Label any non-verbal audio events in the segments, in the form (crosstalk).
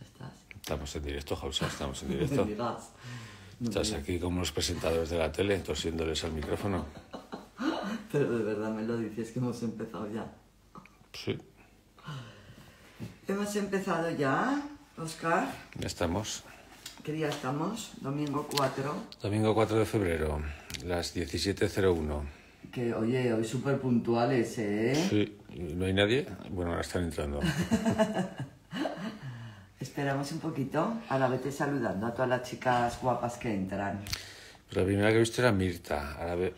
¿Estás? Estamos en directo, Jausa, estamos en (laughs) directo. Estás aquí como los presentadores de la tele, tosiéndoles al micrófono. Pero de verdad me lo dices que hemos empezado ya. Sí. Hemos empezado ya, Oscar. Ya estamos. ¿Qué día estamos? Domingo 4. Domingo 4 de febrero, las 17.01. Que oye, hoy súper puntuales, ¿eh? Sí. ¿No hay nadie? Bueno, ahora están entrando. (laughs) Esperamos un poquito. A la te saludando a todas las chicas guapas que entran. la primera que visto era Mirta.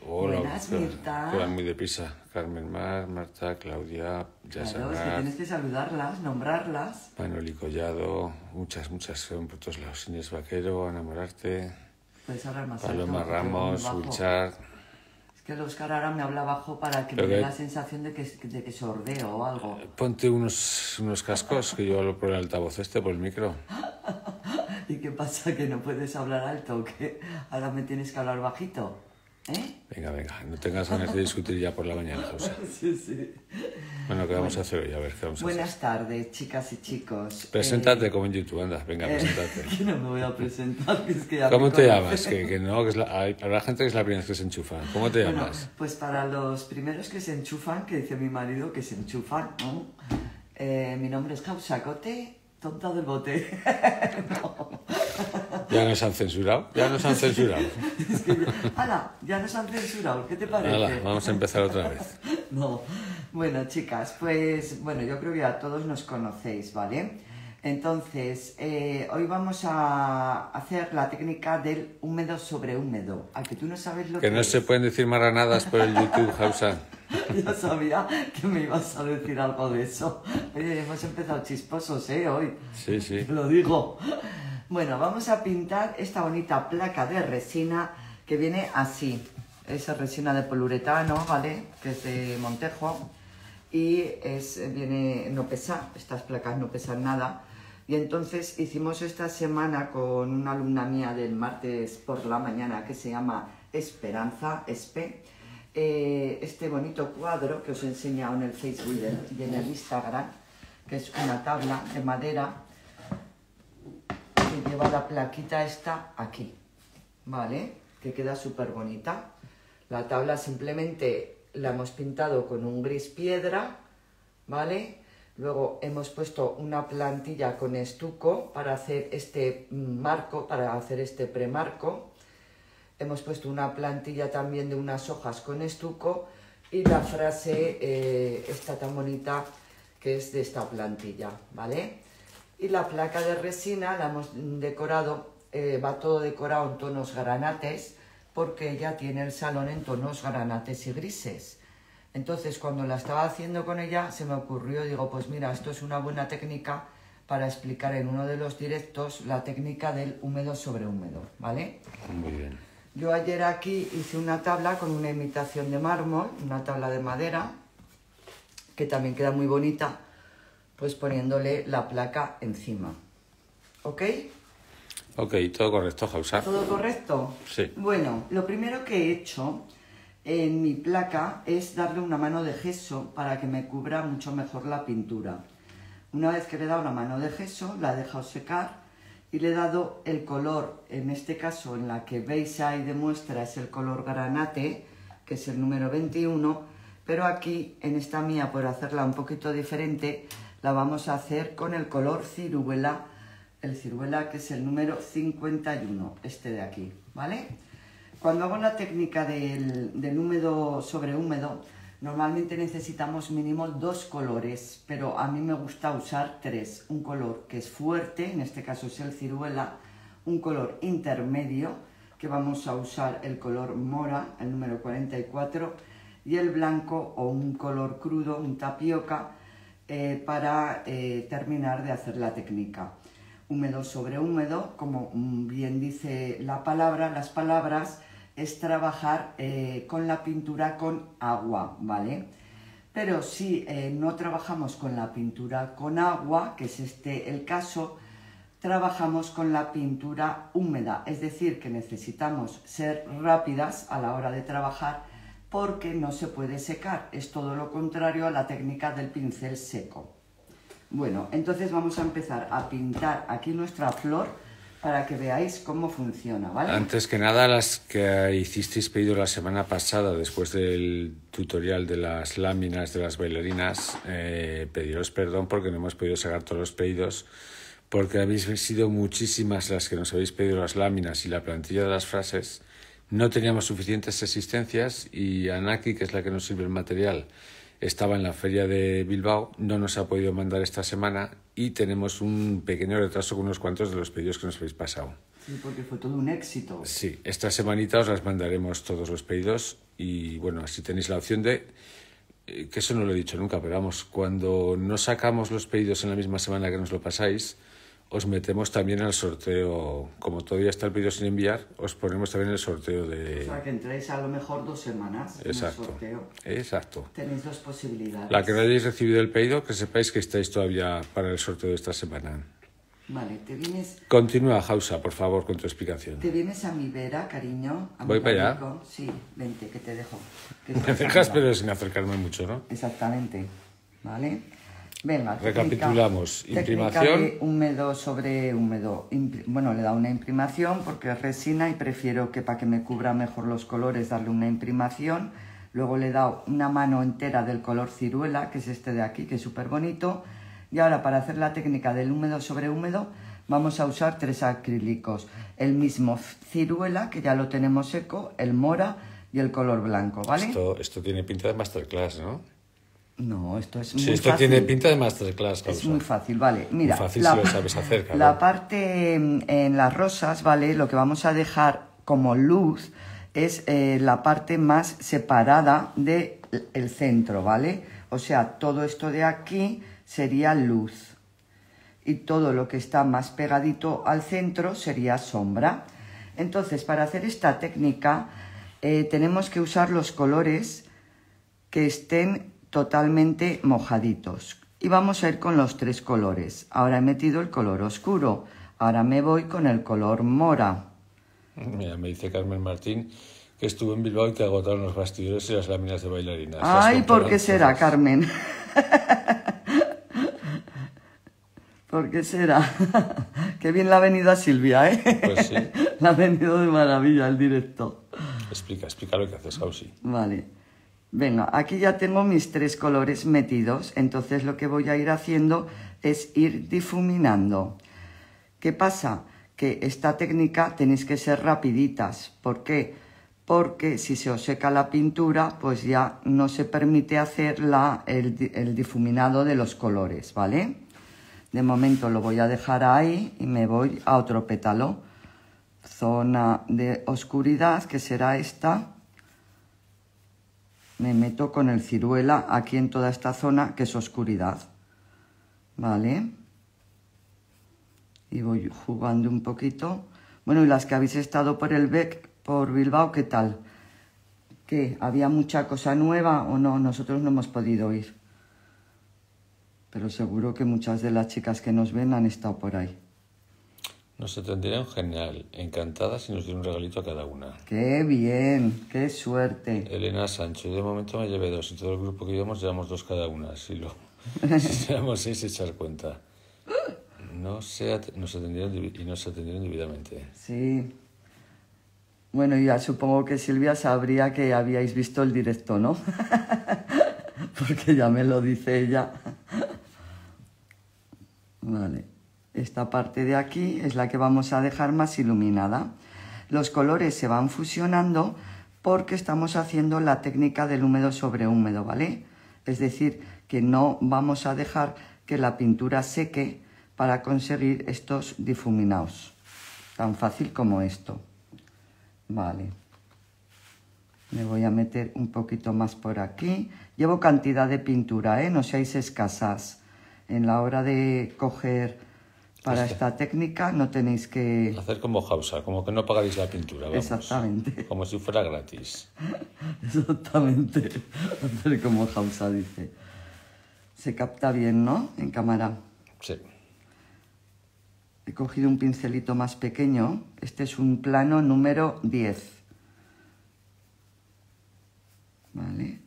Hola, Buenas, Mirta. Hola, muy deprisa. Carmen Mar, Marta, Claudia, Ya Claro, que tienes que saludarlas, nombrarlas. Manoli Collado, muchas, muchas son por todos lados. Inés Vaquero, Enamorarte. Puedes hablar más Paloma Ramos, Ulchar que Oscar ahora me habla bajo para que me dé la sensación de que, de que sordeo o algo. Ponte unos, unos cascos, que yo hablo por el altavoz este, por el micro. (laughs) ¿Y qué pasa? ¿Que no puedes hablar alto? ¿Que ahora me tienes que hablar bajito? ¿Eh? Venga, venga, no tengas ganas de discutir ya por la mañana, José. (laughs) Sí, sí. Bueno, ¿qué vamos a hacer hoy? A ver, ¿qué vamos a Buenas tardes, chicas y chicos. Preséntate eh, como en YouTube, anda, venga, eh, preséntate. (laughs) no me voy a presentar, es que ya ¿Cómo te llamas? que, que, no, que es la, la gente que es la primera vez que se enchufan. ¿Cómo te llamas? pues para los primeros que se enchufan, que dice mi marido que se enchufan, ¿no? mi nombre es Causacote Tonta del bote. no. (laughs) Ya nos han censurado, ya nos han censurado. ¡Hala! ya nos han censurado, ¿qué te parece? Hola, vamos a empezar otra vez. (laughs) no, bueno chicas, pues bueno, yo creo que a todos nos conocéis, ¿vale? Entonces, eh, hoy vamos a hacer la técnica del húmedo sobre húmedo. A que tú no sabes lo que. Que no se pueden decir maranadas por el YouTube, Hausa. (laughs) Yo sabía que me ibas a decir algo de eso. hemos empezado chisposos, ¿eh? Hoy. Sí, sí. lo digo. Bueno, vamos a pintar esta bonita placa de resina que viene así. Esa resina de poliuretano, ¿vale? Que es de Montejo. Y es, viene, no pesa, estas placas no pesan nada y entonces hicimos esta semana con una alumna mía del martes por la mañana que se llama Esperanza, Espe, eh, este bonito cuadro que os he enseñado en el Facebook y en el Instagram, que es una tabla de madera que lleva la plaquita esta aquí, ¿vale? Que queda súper bonita. La tabla simplemente la hemos pintado con un gris piedra, ¿vale? Luego hemos puesto una plantilla con estuco para hacer este mm, marco, para hacer este premarco. Hemos puesto una plantilla también de unas hojas con estuco y la frase eh, está tan bonita que es de esta plantilla, ¿vale? Y la placa de resina la hemos decorado, eh, va todo decorado en tonos granates porque ya tiene el salón en tonos granates y grises. Entonces, cuando la estaba haciendo con ella, se me ocurrió, digo, pues mira, esto es una buena técnica para explicar en uno de los directos la técnica del húmedo sobre húmedo, ¿vale? Muy bien. Yo ayer aquí hice una tabla con una imitación de mármol, una tabla de madera, que también queda muy bonita, pues poniéndole la placa encima. ¿Ok? Ok, todo correcto, Jausa. ¿Todo correcto? Sí. Bueno, lo primero que he hecho en mi placa es darle una mano de gesso para que me cubra mucho mejor la pintura. Una vez que le he dado una mano de gesso, la he dejado secar y le he dado el color, en este caso en la que veis ahí de es el color granate, que es el número 21, pero aquí en esta mía, por hacerla un poquito diferente, la vamos a hacer con el color ciruela, el ciruela que es el número 51, este de aquí, ¿vale? Cuando hago la técnica del, húmedo sobre húmedo, normalmente necesitamos mínimo dos colores, pero a mí me gusta usar tres. Un color que es fuerte, en este caso es el ciruela, un color intermedio, que vamos a usar el color mora, el número 44, y el blanco o un color crudo, un tapioca, eh, para eh, terminar de hacer la técnica. Húmedo sobre húmedo, como bien dice la palabra, las palabras es trabajar eh, con la pintura con agua, ¿vale? Pero si eh, no trabajamos con la pintura con agua, que es este el caso, trabajamos con la pintura húmeda, es decir, que necesitamos ser rápidas a la hora de trabajar porque no se puede secar, es todo lo contrario a la técnica del pincel seco. Bueno, entonces vamos a empezar a pintar aquí nuestra flor, para que veáis cómo funciona, ¿vale? Antes que nada, las que hicisteis pedido la semana pasada, después del tutorial de las láminas de las bailarinas, eh, pediros perdón porque no hemos podido sacar todos los pedidos, porque habéis sido muchísimas las que nos habéis pedido las láminas y la plantilla de las frases. No teníamos suficientes existencias y Anaki, que es la que nos sirve el material, estaba en la feria de Bilbao, no nos ha podido mandar esta semana y tenemos un pequeño retraso con unos cuantos de los pedidos que nos habéis pasado. Sí, porque fue todo un éxito. Sí, esta semanita os las mandaremos todos los pedidos y bueno, así tenéis la opción de, eh, que eso no lo he dicho nunca, pero vamos, cuando no sacamos los pedidos en la misma semana que nos lo pasáis, os metemos también al sorteo, como todavía está el pedido sin enviar, os ponemos también el sorteo de... O sea, que entréis a lo mejor dos semanas Exacto. en el sorteo. Exacto. Tenéis dos posibilidades. La que no hayáis recibido el pedido, que sepáis que estáis todavía para el sorteo de esta semana. Vale, te vienes... Continúa, Hausa, por favor, con tu explicación. Te vienes a mi vera, cariño. Voy para allá. Sí, vente, que te dejo. (laughs) Me dejas, pero sin acercarme mucho, ¿no? Exactamente, ¿vale? Venga, recapitulamos. imprimación. húmedo sobre húmedo. bueno, le da una imprimación porque es resina y prefiero que para que me cubra mejor los colores darle una imprimación. Luego le he dado una mano entera del color ciruela, que es este de aquí, que es súper bonito. Y ahora para hacer la técnica del húmedo sobre húmedo vamos a usar tres acrílicos. El mismo ciruela, que ya lo tenemos seco, el mora y el color blanco, ¿vale? Esto, esto tiene pinta de masterclass, ¿no? No, esto es muy fácil. sí, esto tiene pinta de masterclass. Es muy fácil, vale. Mira, la, parte en las rosas, ¿vale? Lo que vamos a dejar como luz es eh, la parte más separada del centro, ¿vale? O sea, todo esto de aquí sería luz. Y todo lo que está más pegadito al centro sería sombra. Entonces, para hacer esta técnica, eh, tenemos que usar los colores que estén totalmente mojaditos. Y vamos a ir con los tres colores. Ahora he metido el color oscuro. Ahora me voy con el color mora. Mira, me dice Carmen Martín que estuvo en Bilbao y que agotaron los bastidores y las láminas de bailarina. Ay, ¿por qué será, Carmen? (laughs) ¿Por qué será? (laughs) qué bien la ha venido a Silvia, ¿eh? Pues sí. (laughs) La ha venido de maravilla el directo. Explica, explica lo que haces, Ausi. Vale. Venga, aquí ya tengo mis tres colores metidos, entonces lo que voy a ir haciendo es ir difuminando. ¿Qué pasa? Que esta técnica tenéis que ser rapiditas. ¿Por qué? Porque si se os seca la pintura, pues ya no se permite hacer el, el difuminado de los colores, ¿vale? De momento lo voy a dejar ahí y me voy a otro pétalo. Zona de oscuridad, que será esta me meto con el ciruela aquí en toda esta zona que es oscuridad, ¿vale? Y voy jugando un poquito. Bueno, y las que habéis estado por el BEC, por Bilbao, ¿qué tal? ¿Qué? ¿Había mucha cosa nueva o no? Nosotros no hemos podido ir. Pero seguro que muchas de las chicas que nos ven han estado por ahí. Nos atendieron genial, encantadas y nos dieron un regalito a cada una. ¡Qué bien! ¡Qué suerte! Elena Sancho, de momento me llevé dos. Y todo el grupo que íbamos llevamos dos cada una. Si lo (laughs) si seis, echar cuenta. No se nos atendieron y nos atendieron debidamente. Sí. Bueno, ya supongo que Silvia sabría que habíais visto el directo, ¿no? (laughs) Porque ya me lo dice ella. Vale. Esta parte de aquí es la que vamos a dejar más iluminada. Los colores se van fusionando porque estamos haciendo la técnica del húmedo sobre húmedo, ¿vale? Es decir, que no vamos a dejar que la pintura seque para conseguir estos difuminados. Tan fácil como esto. Vale. Me voy a meter un poquito más por aquí. Llevo cantidad de pintura, ¿eh? No seáis escasas. En la hora de coger para este. Esta. técnica no tenéis que... Hacer como Hausa, como que no pagáis la pintura, vamos. Exactamente. (laughs) Como si fuera gratis. (laughs) Exactamente. Hacer como Hausa dice. Se capta bien, ¿no? En cámara. Sí. He cogido un pincelito más pequeño. Este es un plano número 10. Vale.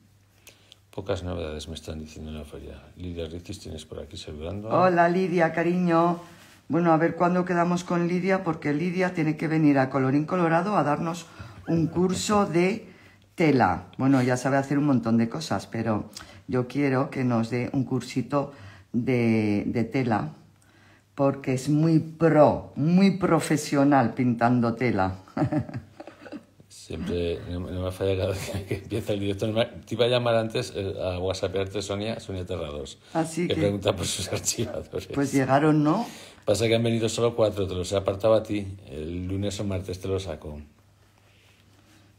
Pocas novedades me están diciendo en la feria. Lidia Ricis, tienes por aquí saludando. Hola Lidia, cariño. Bueno, a ver cuándo quedamos con Lidia, porque Lidia tiene que venir a Colorín Colorado a darnos un curso de tela. Bueno, ya sabe hacer un montón de cosas, pero yo quiero que nos dé un cursito de, de tela, porque es muy pro, muy profesional pintando tela. (laughs) Siempre no, me ha fallado que empieza el directo. Te iba a llamar antes eh, a WhatsApp Sonia, Sonia Terrados. Así ah, que, pregunta por sus (laughs) archivadores. Pues llegaron, ¿no? Pasa que han venido solo cuatro, te los he apartado a ti. El lunes o martes te los saco.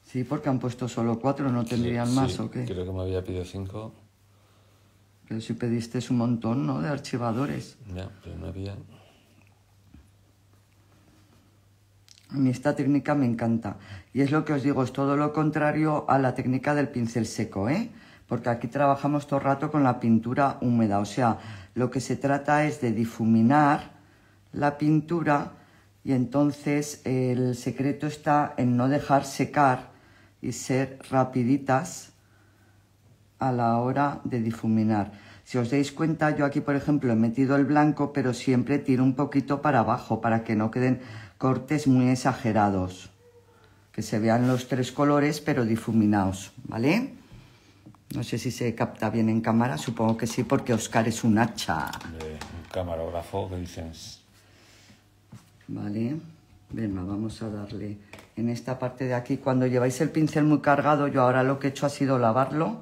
Sí, porque han puesto solo cuatro, ¿no tendrían más o qué? Creo que me había pedido cinco. Pero si pediste un montón, ¿no? De archivadores. Ya, pero no había. A mí esta técnica me encanta. Y es lo que os digo, es todo lo contrario a la técnica del pincel seco, ¿eh? Porque aquí trabajamos todo el rato con la pintura húmeda. O sea, lo que se trata es de difuminar la pintura y entonces el secreto está en no dejar secar y ser rapiditas a la hora de difuminar. Si os dais cuenta, yo aquí, por ejemplo, he metido el blanco, pero siempre tiro un poquito para abajo para que no queden cortes muy exagerados. Que se vean los tres colores, pero difuminados, ¿vale? No sé si se capta bien en cámara, supongo que sí, porque Oscar es un hacha. camarógrafo ¿vale? Venga, vamos a darle en esta parte de aquí. Cuando lleváis el pincel muy cargado, yo ahora lo que he hecho ha sido lavarlo,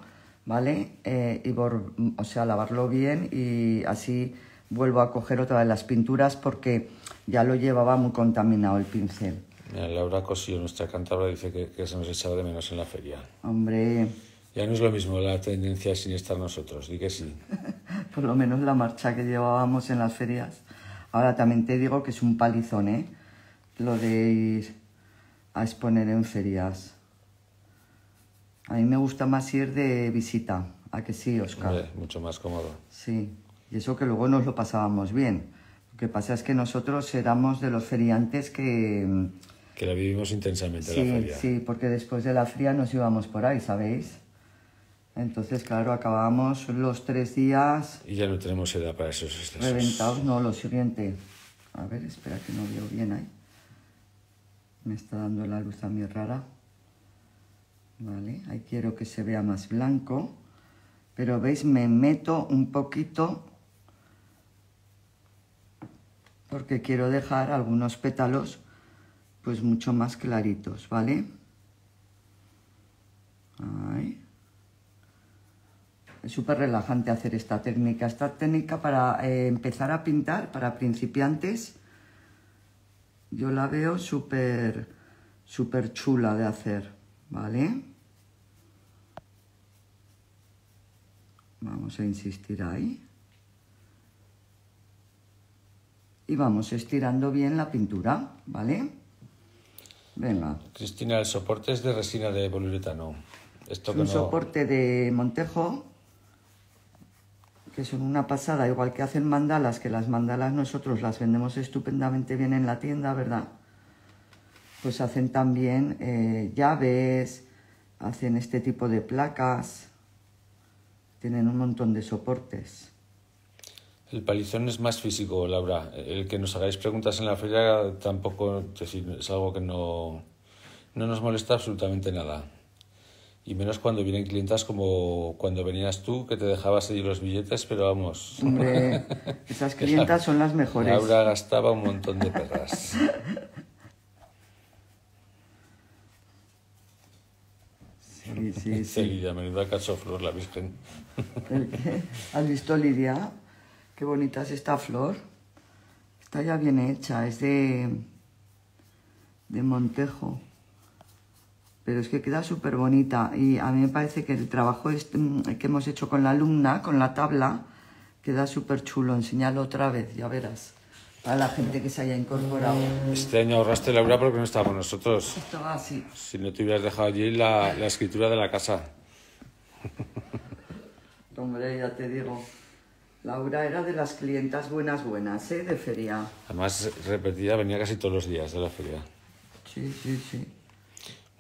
¿vale? Eh, y o sea, lavarlo bien y así vuelvo a coger otra de las pinturas porque ya lo llevaba muy contaminado el pincel. Mira, Laura Cosillo, nuestra cántabra, dice que, se nos echaba de menos en la feria. Hombre. Ya no es lo mismo la tendencia sin estar nosotros, di que sí. (laughs) por lo menos la marcha que llevábamos en las ferias. Ahora también te digo que es un palizón, ¿eh? Lo de ir a exponer en ferias. A mí me gusta más ir de visita. ¿A que sí, Oscar? mucho más cómodo. Sí. Y eso que luego nos lo pasábamos bien. Lo que pasa es que nosotros éramos de los feriantes que... Mm, que la vivimos intensamente, sí, la feria. Sí, porque después de la fría nos íbamos por ahí, ¿sabéis? Entonces, claro, acabamos los tres días. Y ya no tenemos edad para esos excesos. Reventados, no, lo siguiente. A ver, espera que no veo bien ahí. Me está dando la luz a mí rara. Vale, ahí quiero que se vea más blanco. Pero veis, me meto un poquito porque quiero dejar algunos pétalos pues mucho más claritos, ¿vale? Ahí súper relajante hacer esta técnica. Esta técnica para eh, empezar a pintar, para principiantes, yo la veo súper, chula de hacer, ¿vale? Vamos a insistir ahí. Y vamos estirando bien la pintura, ¿vale? Venga. Cristina, el soporte es de resina de poliuretano. Esto un soporte de Montejo que son una pasada, igual que hacen mandalas, que las mandalas nosotros las vendemos estupendamente bien en la tienda, ¿verdad? Pues hacen también eh, llaves, hacen este tipo de placas, tienen un montón de soportes. El palizón es más físico, Laura. El que nos hagáis preguntas en la feria tampoco es, algo que no nos molesta absolutamente nada. Y menos cuando vienen clientas como cuando venías tú, que te dejabas allí los billetes, pero vamos. Hombre, (laughs) esas clientas son las mejores. Laura gastaba un montón de perras. Sí, sí, sí. Lidia, menuda flor la Virgen. ¿Has visto, Lidia? Qué bonita es esta flor. Está ya bien hecha, es de, de Montejo pero es que queda súper bonita y a mí me parece que el trabajo mm, que hemos hecho con la alumna, con la tabla, queda súper chulo, enseñalo otra vez, ya verás, para la gente que se haya incorporado. Este año ahorraste Laura porque no estábamos nosotros. Estaba así. Si no te hubieras dejado allí la, escritura de la casa. (laughs) Hombre, ya te digo. Laura era de las clientas buenas, buenas, ¿eh? De feria. Además, repetida, venía casi todos los días de la feria. Sí, sí, sí.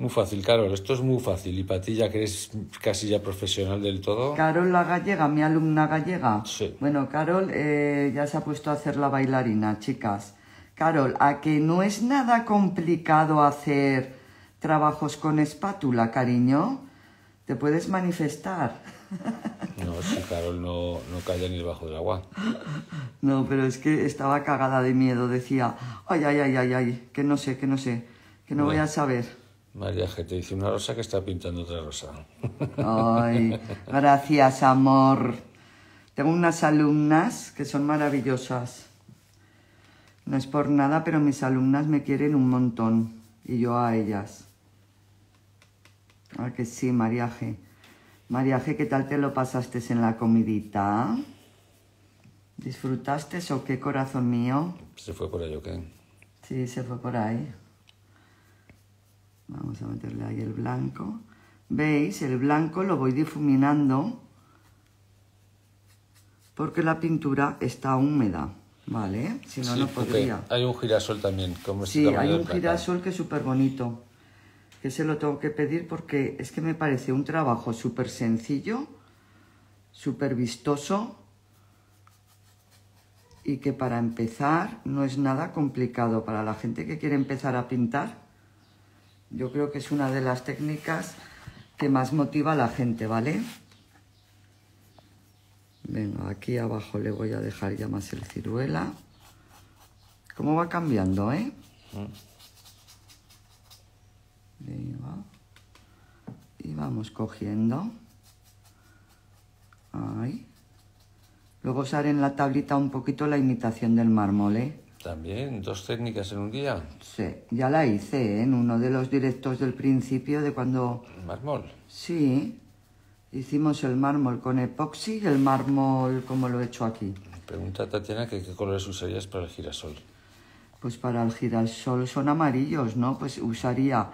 Muy fácil, Carol, esto es muy fácil. Y para ti, ya que eres casi ya profesional del todo. Carol la gallega, mi alumna gallega. Sí. Bueno, Carol eh, ya se ha puesto a hacer la bailarina, chicas. Carol, a que no es nada complicado hacer trabajos con espátula, cariño. Te puedes manifestar. No, si Carol no, no ni debajo del agua. (laughs) No, pero es que estaba cagada de miedo. Decía, ay, ay, ay, ay, ay, que no sé, que no sé, que no voy a saber. María Te dice una rosa que está pintando otra rosa. Ay, (laughs) gracias, amor. Tengo unas alumnas que son maravillosas. No es por nada, pero mis alumnas me quieren un montón. Y yo a ellas. Ay, que sí, mariaje mariaje, ¿qué tal te lo pasaste en la comidita? ¿Disfrutaste o qué, corazón mío? Se fue por ahí, qué? Sí, se fue por ahí. Vamos a meterle ahí el blanco. ¿Veis? El blanco lo voy difuminando porque la pintura está húmeda, ¿vale? Si no, no podría. Hay un girasol también. Como sí, hay un girasol que es súper bonito. Que se lo tengo que pedir porque es que me parece un trabajo súper sencillo, súper vistoso y que para empezar no es nada complicado. Para la gente que quiere empezar a pintar, yo creo que es una de las técnicas que más motiva a la gente, ¿vale? Venga, aquí abajo le voy a dejar ya más el ciruela. ¿Cómo va cambiando, eh? Y vamos cogiendo. Ahí. Luego os en la tablita un poquito la imitación del mármol, ¿eh? También, dos técnicas en un día. Sí, ya la hice ¿eh? en uno de los directos del principio de cuando... mármol? Sí, hicimos el mármol con epoxi y el mármol como lo he hecho aquí. Pregunta Tatiana que qué colores usarías para el girasol. Pues para el girasol son amarillos, ¿no? Pues usaría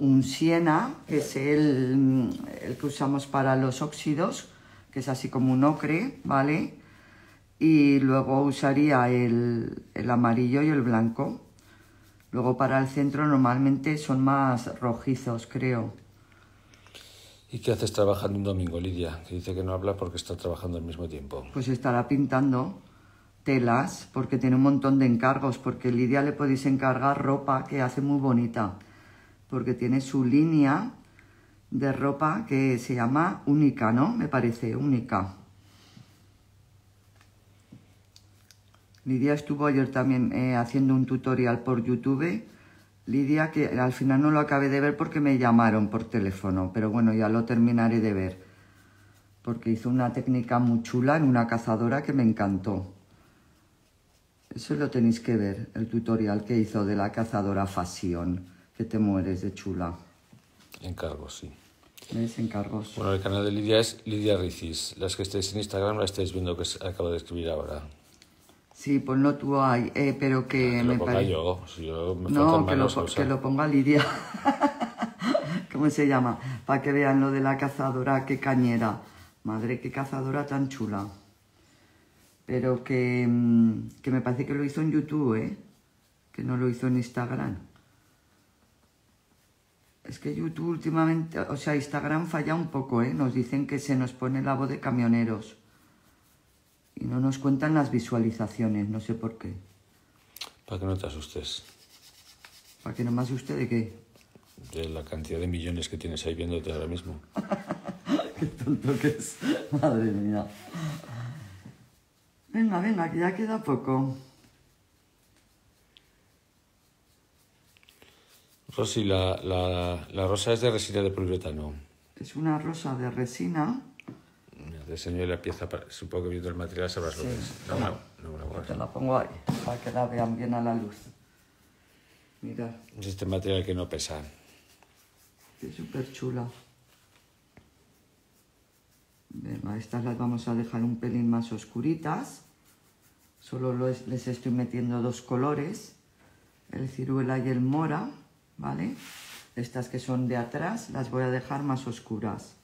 un siena, que es el, el que usamos para los óxidos, que es así como un ocre, ¿vale? y luego usaría el, el amarillo y el blanco. Luego para el centro normalmente son más rojizos, creo. ¿Y qué haces trabajando un domingo, Lidia? Que dice que no habla porque está trabajando al mismo tiempo. Pues estará pintando telas porque tiene un montón de encargos, porque Lidia le podéis encargar ropa que hace muy bonita, porque tiene su línea de ropa que se llama Única, ¿no? Me parece, Única. Lidia estuvo ayer también eh, haciendo un tutorial por YouTube. Lidia, que al final no lo acabé de ver porque me llamaron por teléfono, pero bueno, ya lo terminaré de ver. Porque hizo una técnica muy chula en una cazadora que me encantó. Eso lo tenéis que ver, el tutorial que hizo de la cazadora Fasión, que te mueres de chula. Encargos, sí. Me Encargos. Bueno, el canal de Lidia es Lidia Ricis. Las que estéis en Instagram la estáis viendo que acabo de escribir ahora. Sí, pues no tú hay, eh, pero que, ah, que me parece... yo, si yo me No, que lo, que lo, ponga Lidia. (laughs) ¿Cómo se llama? Para que vean lo de la cazadora, qué cañera. Madre, qué cazadora tan chula. Pero que, mm, que me parece que lo hizo en YouTube, ¿eh? Que no lo hizo en Instagram. Es que YouTube últimamente, o sea, Instagram falla un poco, ¿eh? Nos dicen que se nos pone la voz de camioneros. Y no nos cuentan las visualizaciones, no sé por qué. Para que no te asustes. ¿Para que no me asuste de qué? De la cantidad de millones que tienes ahí viéndote ahora mismo. (laughs) qué tonto que es. Madre mía. Venga, venga, que ya queda poco. Rosy, la, la, la rosa es de resina de poliuretano. Es una rosa de resina te enseño la pieza, para, supongo que viendo el material sabrás lo que es. No, Te la pongo ahí, para que la vean bien a la luz. Mira. Es este material que no pesa. Es súper chula. Venga, estas las vamos a dejar un pelín más oscuritas. Solo les estoy metiendo dos colores, el ciruela y el mora, ¿vale? Estas que son de atrás las voy a dejar más oscuras.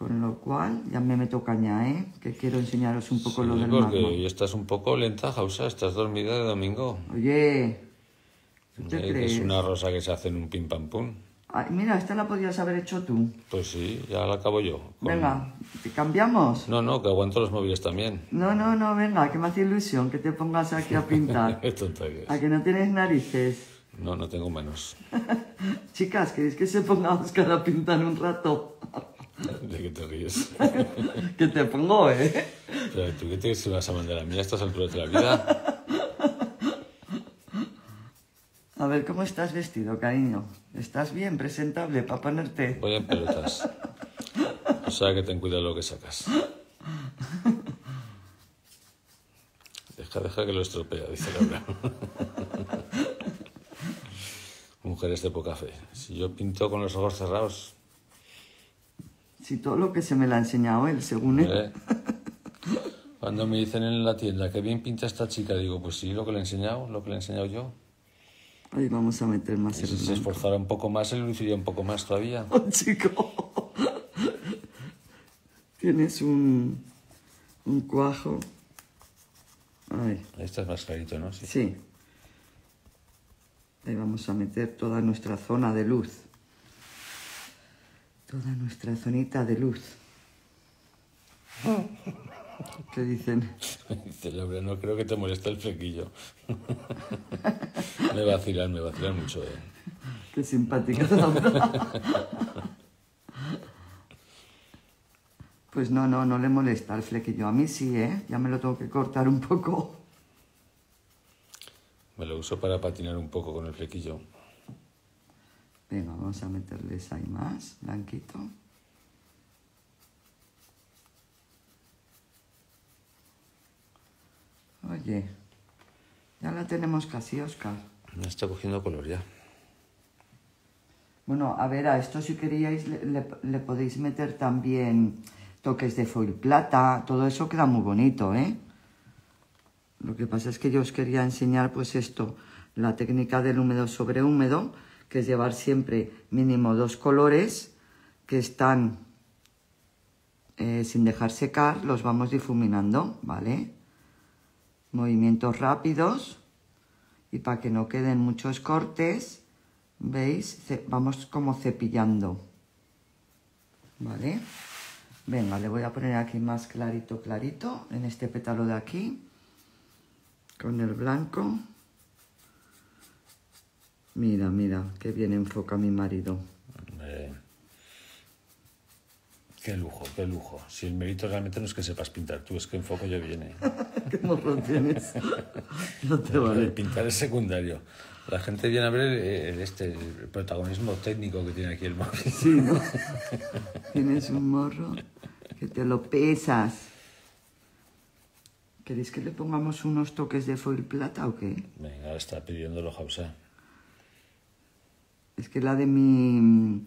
Con lo cual, ya me meto caña, ¿eh? Que quiero enseñaros un poco lo del porque Sí, porque estás un poco lenta, Jausa. Estás dormida de domingo. Oye, ¿tú te crees? Es una rosa que se hace en un pim pam pum. Ay, mira, esta la podías haber hecho tú. Pues sí, ya la acabo yo. Venga, cambiamos? No, no, que aguanto los móviles también. No, no, no, venga, que me hace ilusión que te pongas aquí a pintar. (laughs) Esto A que no tienes narices. No, no tengo manos. (laughs) Chicas, ¿queréis que se ponga a a pintar un rato? ¿De qué te ríes? (laughs) que te pongo, ¿eh? Pero tú qué te vas a mandar a mí estás al alturas de la vida. A ver, ¿cómo estás vestido, cariño? ¿Estás bien, presentable, para ponerte? Voy en pelotas. O sea que ten cuidado lo que sacas. Deja, deja que lo estropea, dice Laura. (laughs) Mujeres de poca fe. Si yo pinto con los ojos cerrados, si todo lo que se me la ha enseñado él, según él. Cuando me dicen en la tienda que bien pinta esta chica, digo, pues sí, lo que le he enseñado, lo que le he enseñado yo. Ahí vamos a meter más y Si se esforzara un poco más, él luciría un poco más todavía. (laughs) Oh, chico. Tienes un, un cuajo. Ay. está más clarito, ¿no? sí. Ahí vamos a meter toda nuestra zona de luz toda nuestra zonita de luz. (laughs) ¿Qué dicen? Dice hombre, no creo que te moleste el flequillo. (laughs) me va me va mucho. Eh. Qué simpática. (laughs) pues no, no, no le molesta el flequillo. A mí sí, ¿eh? Ya me lo tengo que cortar un poco. Me lo uso para patinar un poco con el flequillo. Venga, vamos a meterles ahí más, blanquito. Oye, ya la tenemos casi, Oscar. No está cogiendo color ya. Bueno, a ver, a esto si queríais le, le podéis meter también toques de foil plata, todo eso queda muy bonito, ¿eh? Lo que pasa es que yo os quería enseñar pues esto, la técnica del húmedo sobre húmedo, que es llevar siempre mínimo dos colores que están eh, sin dejar secar, los vamos difuminando, ¿vale? Movimientos rápidos y para que no queden muchos cortes, ¿veis? Vamos como cepillando, ¿vale? Venga, le voy a poner aquí más clarito, clarito, en este pétalo de aquí, con el blanco. Mira, mira, qué bien enfoca mi marido. qué lujo, qué lujo. Si el mérito realmente no es que sepas pintar tú, es que enfoco ya viene. ¿eh? (laughs) qué morro tienes. no te vale. pintar es secundario. La gente viene a ver el, este, protagonismo técnico que tiene aquí el morro. Sí, ¿no? (laughs) tienes un morro que te lo pesas. ¿Queréis que le pongamos unos toques de foil plata o qué? Venga, está pidiéndolo Jausa. Es que la de mi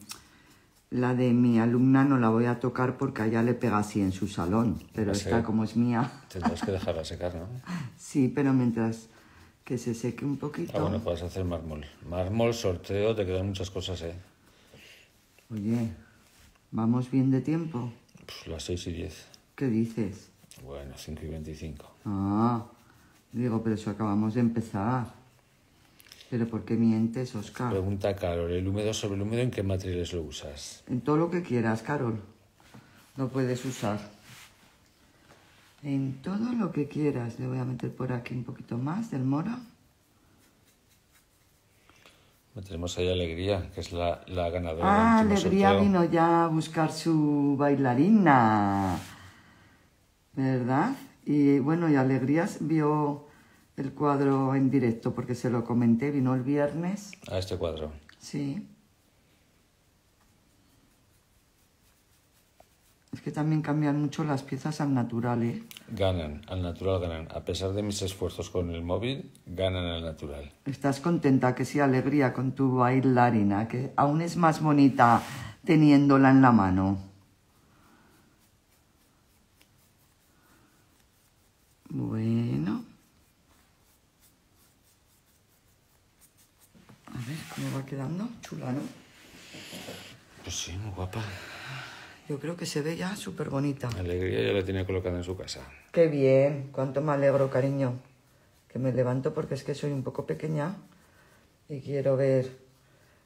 la de mi alumna no la voy a tocar porque allá le pega así en su salón, pero ah, está como es mía. Tendrás que dejarla secar, ¿no? (laughs) sí, pero mientras que se seque un poquito. Ah, bueno, puedes hacer mármol. Mármol, sorteo, te quedan muchas cosas, ¿eh? Oye, ¿vamos bien de tiempo? Pues las 6 y 10. ¿Qué dices? Bueno, 5 y 25. Ah, digo, pero eso acabamos de empezar. ¿Pero por qué mientes, Oscar? Pregunta Carol, ¿el húmedo sobre el húmedo en qué materiales lo usas? En todo lo que quieras, Carol. Lo puedes usar. En todo lo que quieras. Le voy a meter por aquí un poquito más del mora. Tenemos ahí Alegría, que es la, la ganadora. Ah, Alegría vino ya a buscar su bailarina, ¿verdad? Y bueno, y Alegrías vio el cuadro en directo porque se lo comenté, vino el viernes. A este cuadro. Sí. Es que también cambian mucho las piezas al natural, ¿eh? Ganan, al natural ganan. A pesar de mis esfuerzos con el móvil, ganan al natural. Estás contenta, que sí, alegría con tu bailarina, que aún es más bonita teniéndola en la mano. Bueno. Me va quedando chula, ¿no? Pues sí, muy guapa. Yo creo que se ve ya súper bonita. Alegría ya la tiene colocada en su casa. Qué bien, cuánto me alegro, cariño. Que me levanto porque es que soy un poco pequeña y quiero ver.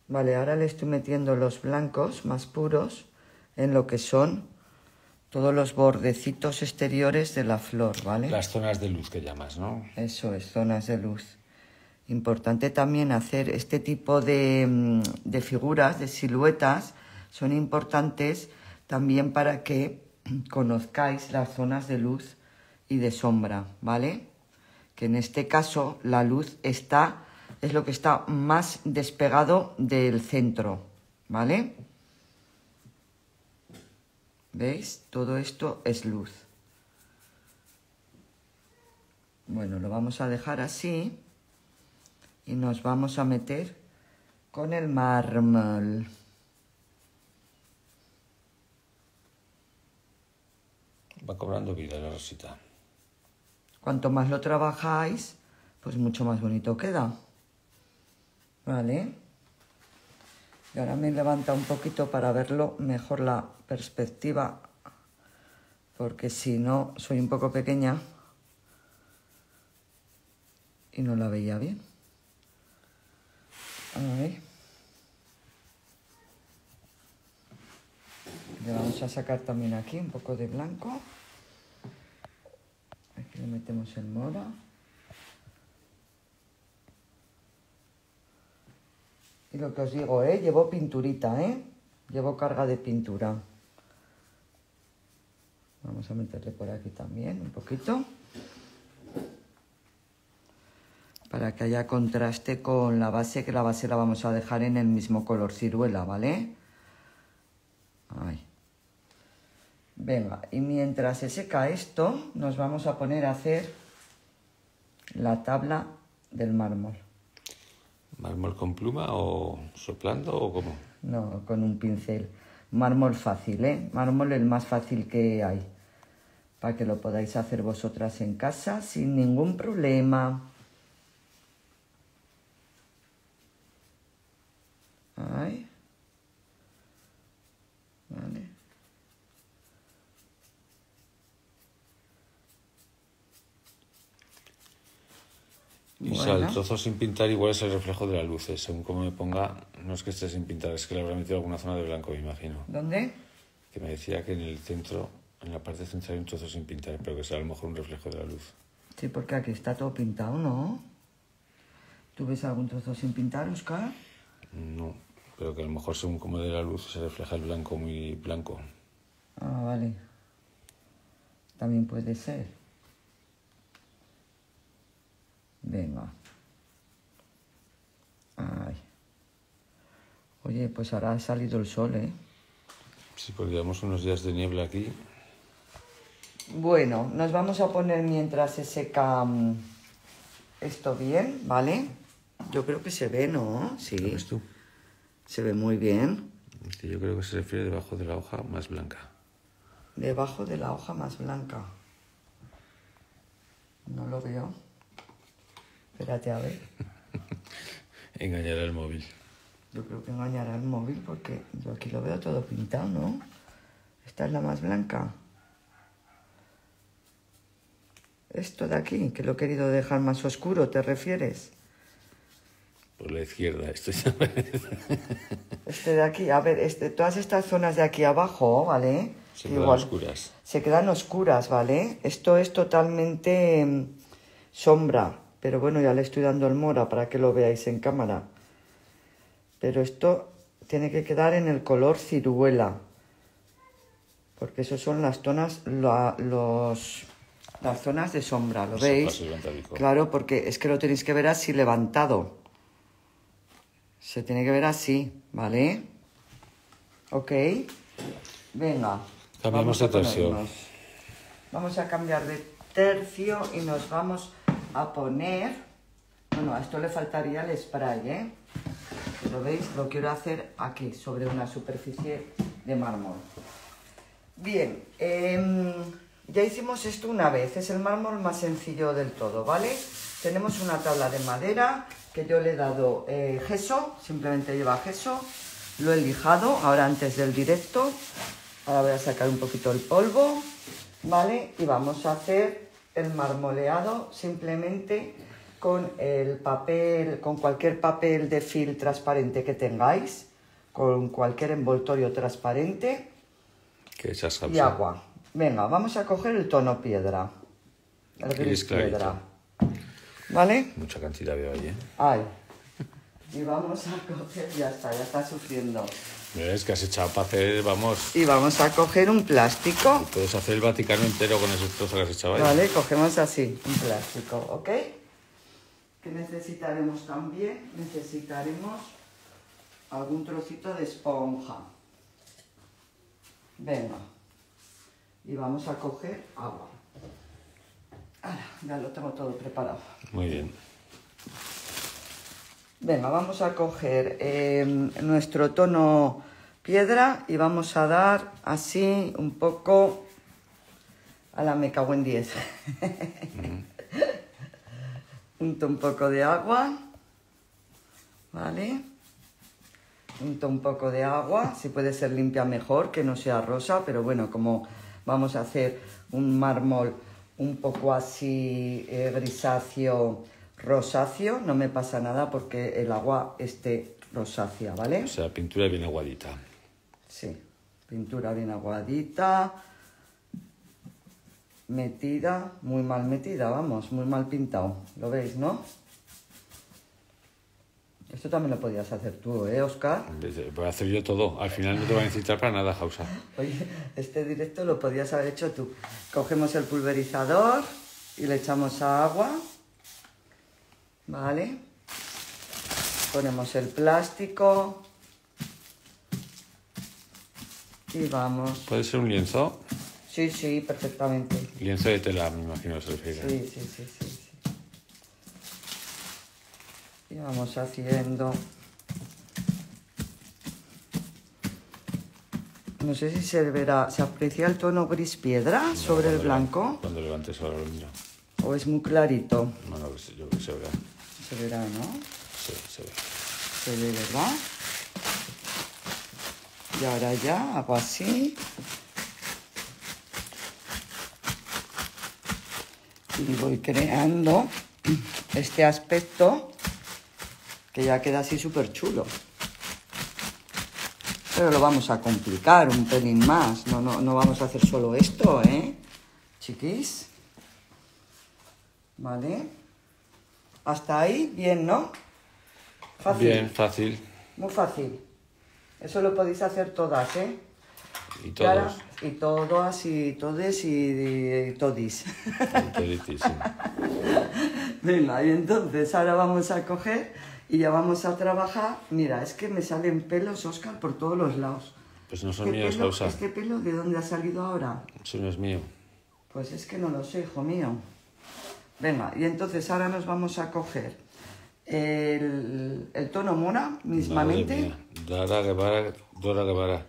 Vale, ahora le estoy metiendo los blancos más puros en lo que son todos los bordecitos exteriores de la flor, ¿vale? Las zonas de luz que llamas, ¿no? Eso es, zonas de luz. Importante también hacer este tipo de, mm, de figuras, de siluetas, son importantes también para que (clears throat) conozcáis las zonas de luz y de sombra, ¿vale? Que en este caso la luz está, es lo que está más despegado del centro, ¿vale? ¿Veis? Todo esto es luz. Bueno, lo vamos a dejar así y nos vamos a meter con el mármol. Va cobrando vida la rosita. Cuanto más lo trabajáis, pues mucho más bonito queda. ¿Vale? Y ahora me levanta un poquito para verlo mejor la perspectiva, porque si no, soy un poco pequeña y no la veía bien. Le vamos a sacar también aquí un poco de blanco. Aquí le metemos el mora. Y lo que os digo, ¿eh? Llevo pinturita, ¿eh? Llevo carga de pintura. Vamos a meterle por aquí también un poquito. para que haya contraste con la base, que la base la vamos a dejar en el mismo color ciruela, ¿vale? Venga, y mientras se seca esto, nos vamos a poner a hacer la tabla del mármol. ¿Mármol con pluma o soplando o cómo? No, con un pincel. Mármol fácil, ¿eh? Mármol el más fácil que hay. Para que lo podáis hacer vosotras en casa sin ningún problema. Ahí. Vale. Y o sea, el trozo sin pintar igual es el reflejo de la luces. Eh, según como me ponga, no es que esté sin pintar, es que le habrá metido alguna zona de blanco, me imagino. ¿Dónde? Que me decía que en el centro, en la parte central hay un trozo sin pintar, pero que sea a lo mejor un reflejo de la luz. Sí, porque aquí está todo pintado, ¿no? ¿Tú ves algún trozo sin pintar, Oscar? No pero que a lo mejor según como de la luz se refleja el blanco muy blanco. Ah, vale. También puede ser. Venga. Ay. Oye, pues ahora ha salido el sol, ¿eh? Sí, porque llevamos unos días de niebla aquí. Bueno, nos vamos a poner mientras se seca mm, esto bien, ¿vale? Yo creo que se ve, ¿no? Sí. Se ve muy bien. yo creo que se refiere debajo de la hoja más blanca. Debajo de la hoja más blanca. No lo veo. Espérate a ver. (laughs) engañará el móvil. Yo creo que engañará el móvil porque yo aquí lo veo todo pintado, ¿no? Esta es la más blanca. Esto de aquí, que lo he querido dejar más oscuro, ¿te refieres? por la izquierda. Este, (laughs) este de aquí, a ver, este, todas estas zonas de aquí abajo, ¿vale? Se quedan oscuras. Se quedan oscuras, ¿vale? Esto es totalmente mm, sombra, pero bueno, ya le estoy dando el mora para que lo veáis en cámara. Pero esto tiene que quedar en el color ciruela, porque esos son las zonas, los, las zonas de sombra, ¿lo veis? Claro, porque es que lo tenéis que ver así levantado. Se tiene que ver así, ¿vale? Ok. Venga. Cambiamos de Vamos a cambiar de tercio y nos vamos a poner... Bueno, a esto le faltaría el spray, ¿eh? Lo veis, lo quiero hacer aquí, sobre una superficie de mármol. Bien, em, ya hicimos esto una vez, es el mármol más sencillo del todo, ¿vale? Tenemos una tabla de madera, yo le he dado eh, gesso, simplemente lleva gesso, lo he lijado ahora antes del directo, ahora voy a sacar un poquito el polvo, ¿vale? Y vamos a hacer el marmoleado simplemente con el papel, con cualquier papel de fil transparente que tengáis, con cualquier envoltorio transparente que y agua. Venga, vamos a coger el tono piedra, el piedra. ¿Vale? Mucha cantidad de ahí, ¿eh? Ay. Y vamos a coger, ya está, ya está sufriendo. Es que has echado para hacer, vamos. Y vamos a coger un plástico. Puedes hacer el Vaticano entero con esos trozos que has echado ahí. Vale, cogemos así, un plástico, ¿ok? ¿Qué necesitaremos también, necesitaremos algún trocito de esponja. Venga. Y vamos a coger agua. Ya lo tengo todo preparado. Muy bien. Venga, vamos a coger em, nuestro tono piedra y vamos a dar así un poco a la meca buen en 10. Junto un poco de agua, ¿vale? Junto un poco de agua, si puede ser limpia mejor, que no sea rosa, pero bueno, como vamos a hacer un mármol un poco así eh, grisáceo rosáceo, no me pasa nada porque el agua esté rosácea, ¿vale? O sea, pintura bien aguadita. Sí, pintura bien aguadita, metida, muy mal metida, vamos, muy mal pintado, ¿lo veis, no? Esto también lo podías hacer tú, ¿eh, Oscar? Pues, eh, voy a hacer yo todo. Al final no te voy a necesitar para nada, Jausa. Oye, este directo lo podías haber hecho tú. Cogemos el pulverizador y le echamos agua. ¿Vale? Ponemos el plástico. Y vamos. ¿Puede ser un lienzo? Sí, sí, perfectamente. Lienzo de tela, me imagino, se refiere. Sí, sí, sí. sí. vamos haciendo no sé si se verá se aprecia el tono gris piedra sobre el blanco cuando levantes ahora lo mira o es muy clarito no no pues, yo creo que se verá se verá no sí se ve se ve verdad y ahora ya hago así y voy creando este aspecto que ya queda así súper chulo. Pero lo vamos a complicar un pelín más. No, no, no vamos a hacer solo esto, ¿eh? Chiquis. ¿Vale? Hasta ahí, bien, ¿no? Fácil. Bien, fácil. Muy fácil. Eso lo podéis hacer todas, ¿eh? Y todos. y todas, y todes, y, todis. (laughs) y entonces ahora vamos a coger y ya vamos a trabajar. Mira, es que me salen pelos, Oscar, por todos los lados. Pues no son míos, pelo, ¿Este pelo de dónde ha salido ahora? Eso no es mío. Pues es que no lo sé, hijo mío. Venga, y entonces ahora nos vamos a coger el, tono mona, mismamente. Dora Guevara, Dora Guevara,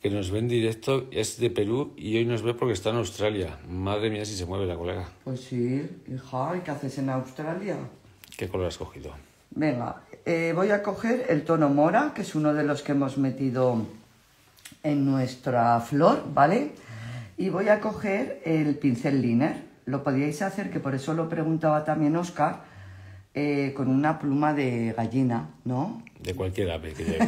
que nos ve en directo, es de Perú y hoy nos ve porque está en Australia. Madre mía, si se mueve la colega. Pues sí, hija, ¿y qué haces en Australia? ¿Qué color has cogido? Venga, eh, voy a coger el tono mora, que es uno de los que hemos metido en nuestra flor, ¿vale? Y voy a coger el pincel liner. Lo podíais hacer, que por eso lo preguntaba también Oscar, eh, con una pluma de gallina, ¿no? De cualquier ave que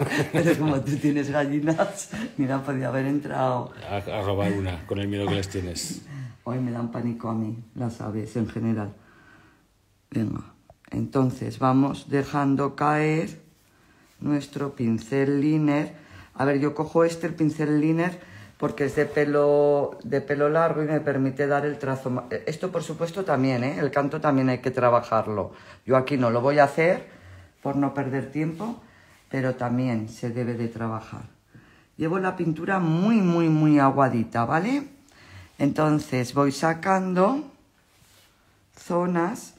(laughs) Pero como tú tienes gallinas, mira, podía haber entrado... A, a robar una, con el miedo que las tienes. Hoy me dan pánico a mí, las aves en general. Venga. Entonces vamos dejando caer nuestro pincel liner. A ver, yo cojo este, el pincel liner, porque es de pelo, de pelo largo y me permite dar el trazo. Eh, esto, por supuesto, también, ¿eh? El canto también hay que trabajarlo. Yo aquí no lo voy a hacer por no perder tiempo, pero también se debe de trabajar. Llevo la pintura muy, muy, muy aguadita, ¿vale? Entonces voy sacando zonas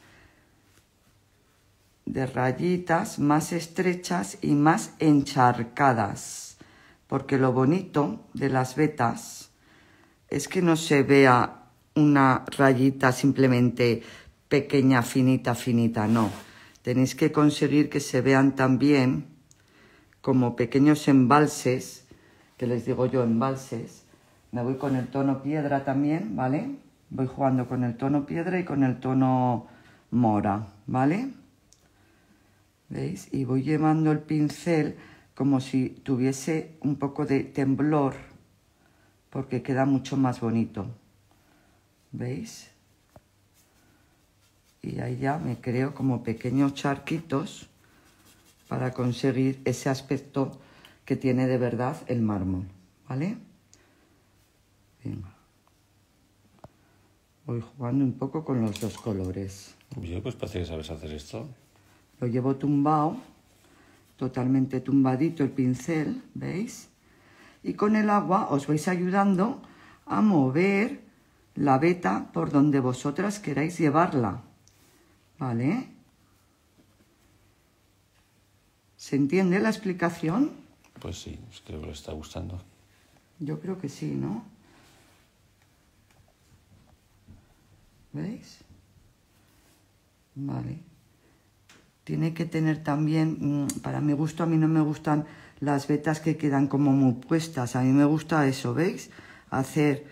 de rayitas más estrechas y más encharcadas, porque lo bonito de las vetas es que no se vea una rayita simplemente pequeña, finita, finita, no. Tenéis que conseguir que se vean también como pequeños embalses, que les digo yo embalses. Me voy con el tono piedra también, ¿vale? Voy jugando con el tono piedra y con el tono mora, ¿vale? ¿Veis? Y voy llevando el pincel como si tuviese un poco de temblor, porque queda mucho más bonito. ¿Veis? Y ahí ya me creo como pequeños charquitos para conseguir ese aspecto que tiene de verdad el mármol, ¿vale? Venga. Voy jugando un poco con los dos colores. Yo pues parece que sabes hacer esto. Lo llevo tumbado, totalmente tumbadito el pincel, ¿veis? Y con el agua os vais ayudando a mover la veta por donde vosotras queráis llevarla, ¿vale? ¿Se entiende la explicación? Pues sí, creo que está gustando. Yo creo que sí, ¿no? ¿Veis? Vale tiene que tener también, mm, para mi gusto, a mí no me gustan las vetas que quedan como muy puestas, a mí me gusta eso, ¿veis? Hacer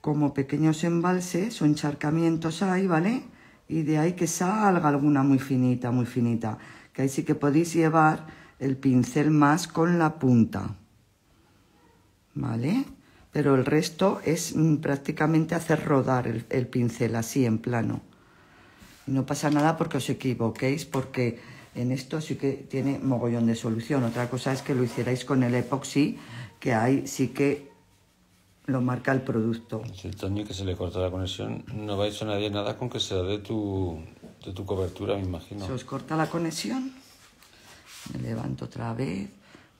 como pequeños embalses o encharcamientos ahí, ¿vale? Y de ahí que salga alguna muy finita, muy finita, que ahí sí que podéis llevar el pincel más con la punta, ¿vale? Pero el resto es mm, prácticamente hacer rodar el pincel así en plano. No pasa nada porque os equivoquéis, porque en esto sí que tiene mogollón de solución. Otra cosa es que lo hicierais con el epoxi, que ahí sí que lo marca el producto. Si Toño que se le corta la conexión, no vais a nadie nada con que se de tu, de tu cobertura, me imagino. Se os corta la conexión. Me levanto otra vez.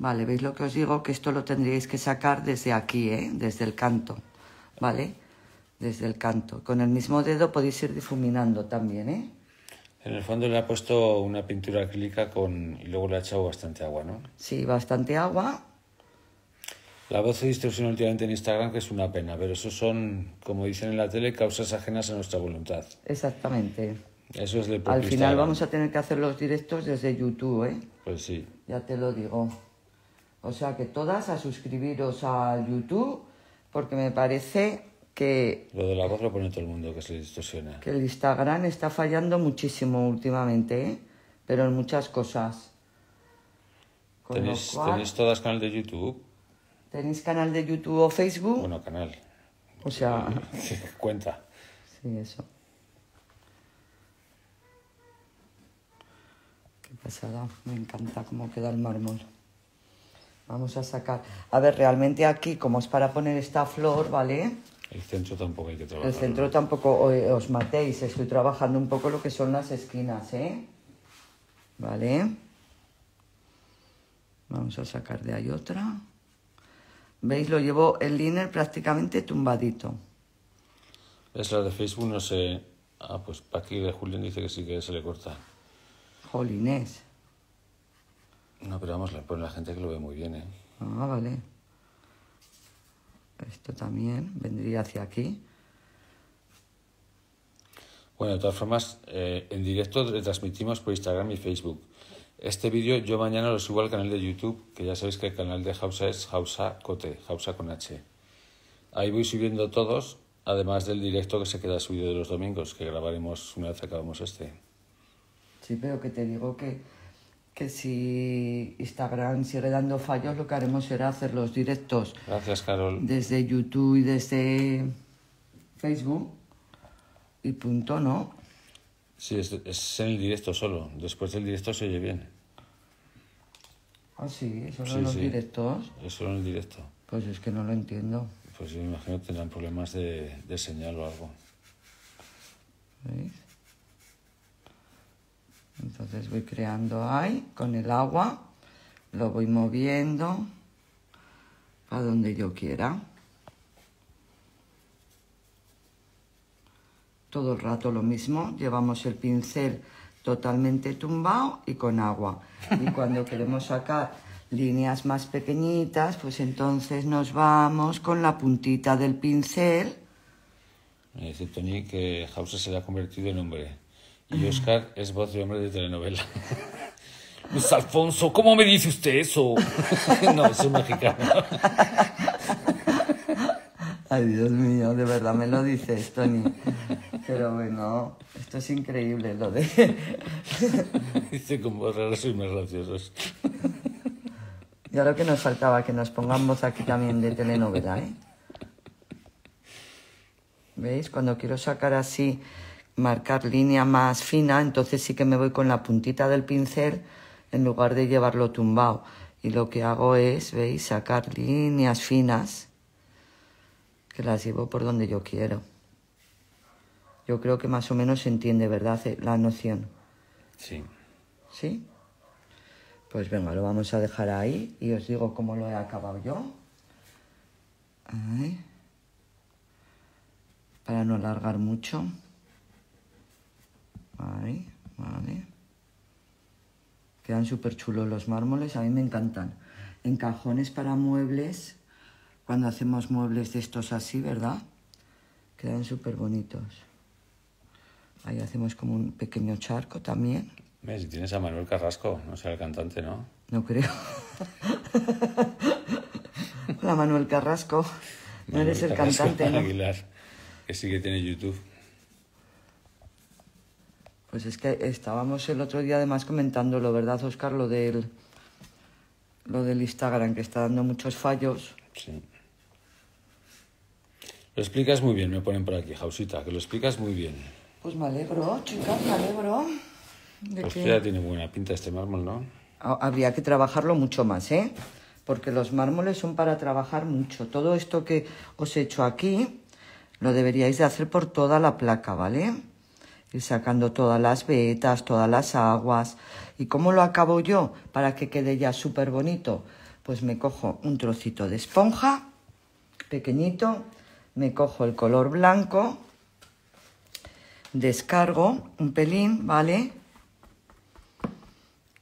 Vale, ¿veis lo que os digo? Que esto lo tendríais que sacar desde aquí, ¿eh? desde el canto. ¿Vale? desde el canto. Con el mismo dedo podéis ir difuminando también, ¿eh? En el fondo le ha puesto una pintura acrílica con y luego le ha echado bastante agua, ¿no? Sí, bastante agua. La voz se distorsiona últimamente en Instagram, que es una pena, pero eso son, como dicen en la tele, causas ajenas a nuestra voluntad. Exactamente. Eso es de Al final ¿eh? vamos a tener que hacer los directos desde YouTube, ¿eh? Pues sí. Ya te lo digo. O sea que todas a suscribiros a YouTube, porque me parece que... Lo de la voz lo pone todo el mundo, que se distorsiona. Que el Instagram está fallando muchísimo últimamente, ¿eh? pero en muchas cosas. ¿Tenéis, ¿Tenéis todas canal de YouTube? ¿Tenéis canal de YouTube o Facebook? Bueno, canal. O sea... (laughs) Cuenta. Sí, eso. Qué pasada, me encanta cómo queda el mármol. Vamos a sacar. A ver, realmente aquí, como es para poner esta flor, ¿vale? El centro tampoco hay que trabajar. El centro tampoco os matéis, estoy trabajando un poco lo que son las esquinas, ¿eh? Vale. Vamos a sacar de ahí otra. ¿Veis? Lo llevo el liner prácticamente tumbadito. Es la de Facebook, no sé. Ah, pues aquí de Julián dice que sí que se le corta. Jolines. No, pero vamos, la, pues la gente que lo ve muy bien, ¿eh? Ah, vale. Esto también vendría hacia aquí. Bueno, de todas formas, eh, en directo transmitimos por Instagram y Facebook. Este vídeo yo mañana lo subo al canal de YouTube, que ya sabéis que el canal de Hausa es Hausa Cote, Hausa con H. Ahí voy subiendo todos, además del directo que se queda subido de los domingos, que grabaremos una vez acabamos este. Sí, pero que te digo que que si Instagram sigue dando fallos, lo que haremos será hacer los directos. Gracias, Carol. Desde YouTube y desde Facebook. Y punto, ¿no? Sí, es, en el directo solo. Después del directo se oye bien. Ah, sí, solo en los directos. Es solo en el directo. Pues es que no lo entiendo. Pues yo me imagino que tendrán problemas de, de señal o algo. ¿Veis? Entonces voy creando ahí con el agua, lo voy moviendo a donde yo quiera. Todo el rato lo mismo, llevamos el pincel totalmente tumbado y con agua. Y cuando (laughs) queremos sacar líneas más pequeñitas, pues entonces nos vamos con la puntita del pincel. Me eh, dice Tony que House se le ha convertido en hombre. Y Oscar es voz de hombre de telenovela. (laughs) Luis Alfonso, ¿cómo me dice usted eso? (laughs) no, es un mexicano. Ay, Dios mío, de verdad me lo dices, Tony. Pero bueno, esto es increíble lo de. (laughs) dice con voz raros y más graciosos. Ya lo que nos faltaba, que nos pongamos aquí también de telenovela, ¿eh? ¿Veis? Cuando quiero sacar así marcar línea más fina, entonces sí que me voy con la puntita del pincel en lugar de llevarlo tumbado. Y lo que hago es, veis, sacar líneas finas que las llevo por donde yo quiero. Yo creo que más o menos se entiende, ¿verdad? Eh, la noción. Sí. ¿Sí? Pues venga, lo vamos a dejar ahí y os digo cómo lo he acabado yo. Para no alargar mucho. Ahí, vale. Quedan súper chulos los mármoles, a mí me encantan. En cajones para muebles, cuando hacemos muebles de estos así, ¿verdad? Quedan súper bonitos. Ahí hacemos como un pequeño charco también. Si tienes a Manuel Carrasco, no sea el cantante, ¿no? No creo. (laughs) Hola Manuel Carrasco, no eres el cantante, ¿no? que sí que tiene YouTube. Pues es que estábamos el otro día además comentándolo, ¿verdad, Oscar? Lo del, lo del Instagram, que está dando muchos fallos. Sí. Lo explicas muy bien, me ponen por aquí, Jausita, que lo explicas muy bien. Pues me alegro, chicas, me alegro. Pues tiene buena pinta este mármol, ¿no? Habría que trabajarlo mucho más, ¿eh? Porque los mármoles son para trabajar mucho. Todo esto que os he hecho aquí lo deberíais de hacer por toda la placa, ¿vale? sacando todas las vetas, todas las aguas. ¿Y cómo lo acabo yo para que quede ya súper bonito? Pues me cojo un trocito de esponja, pequeñito, me cojo el color blanco, descargo un pelín, ¿vale?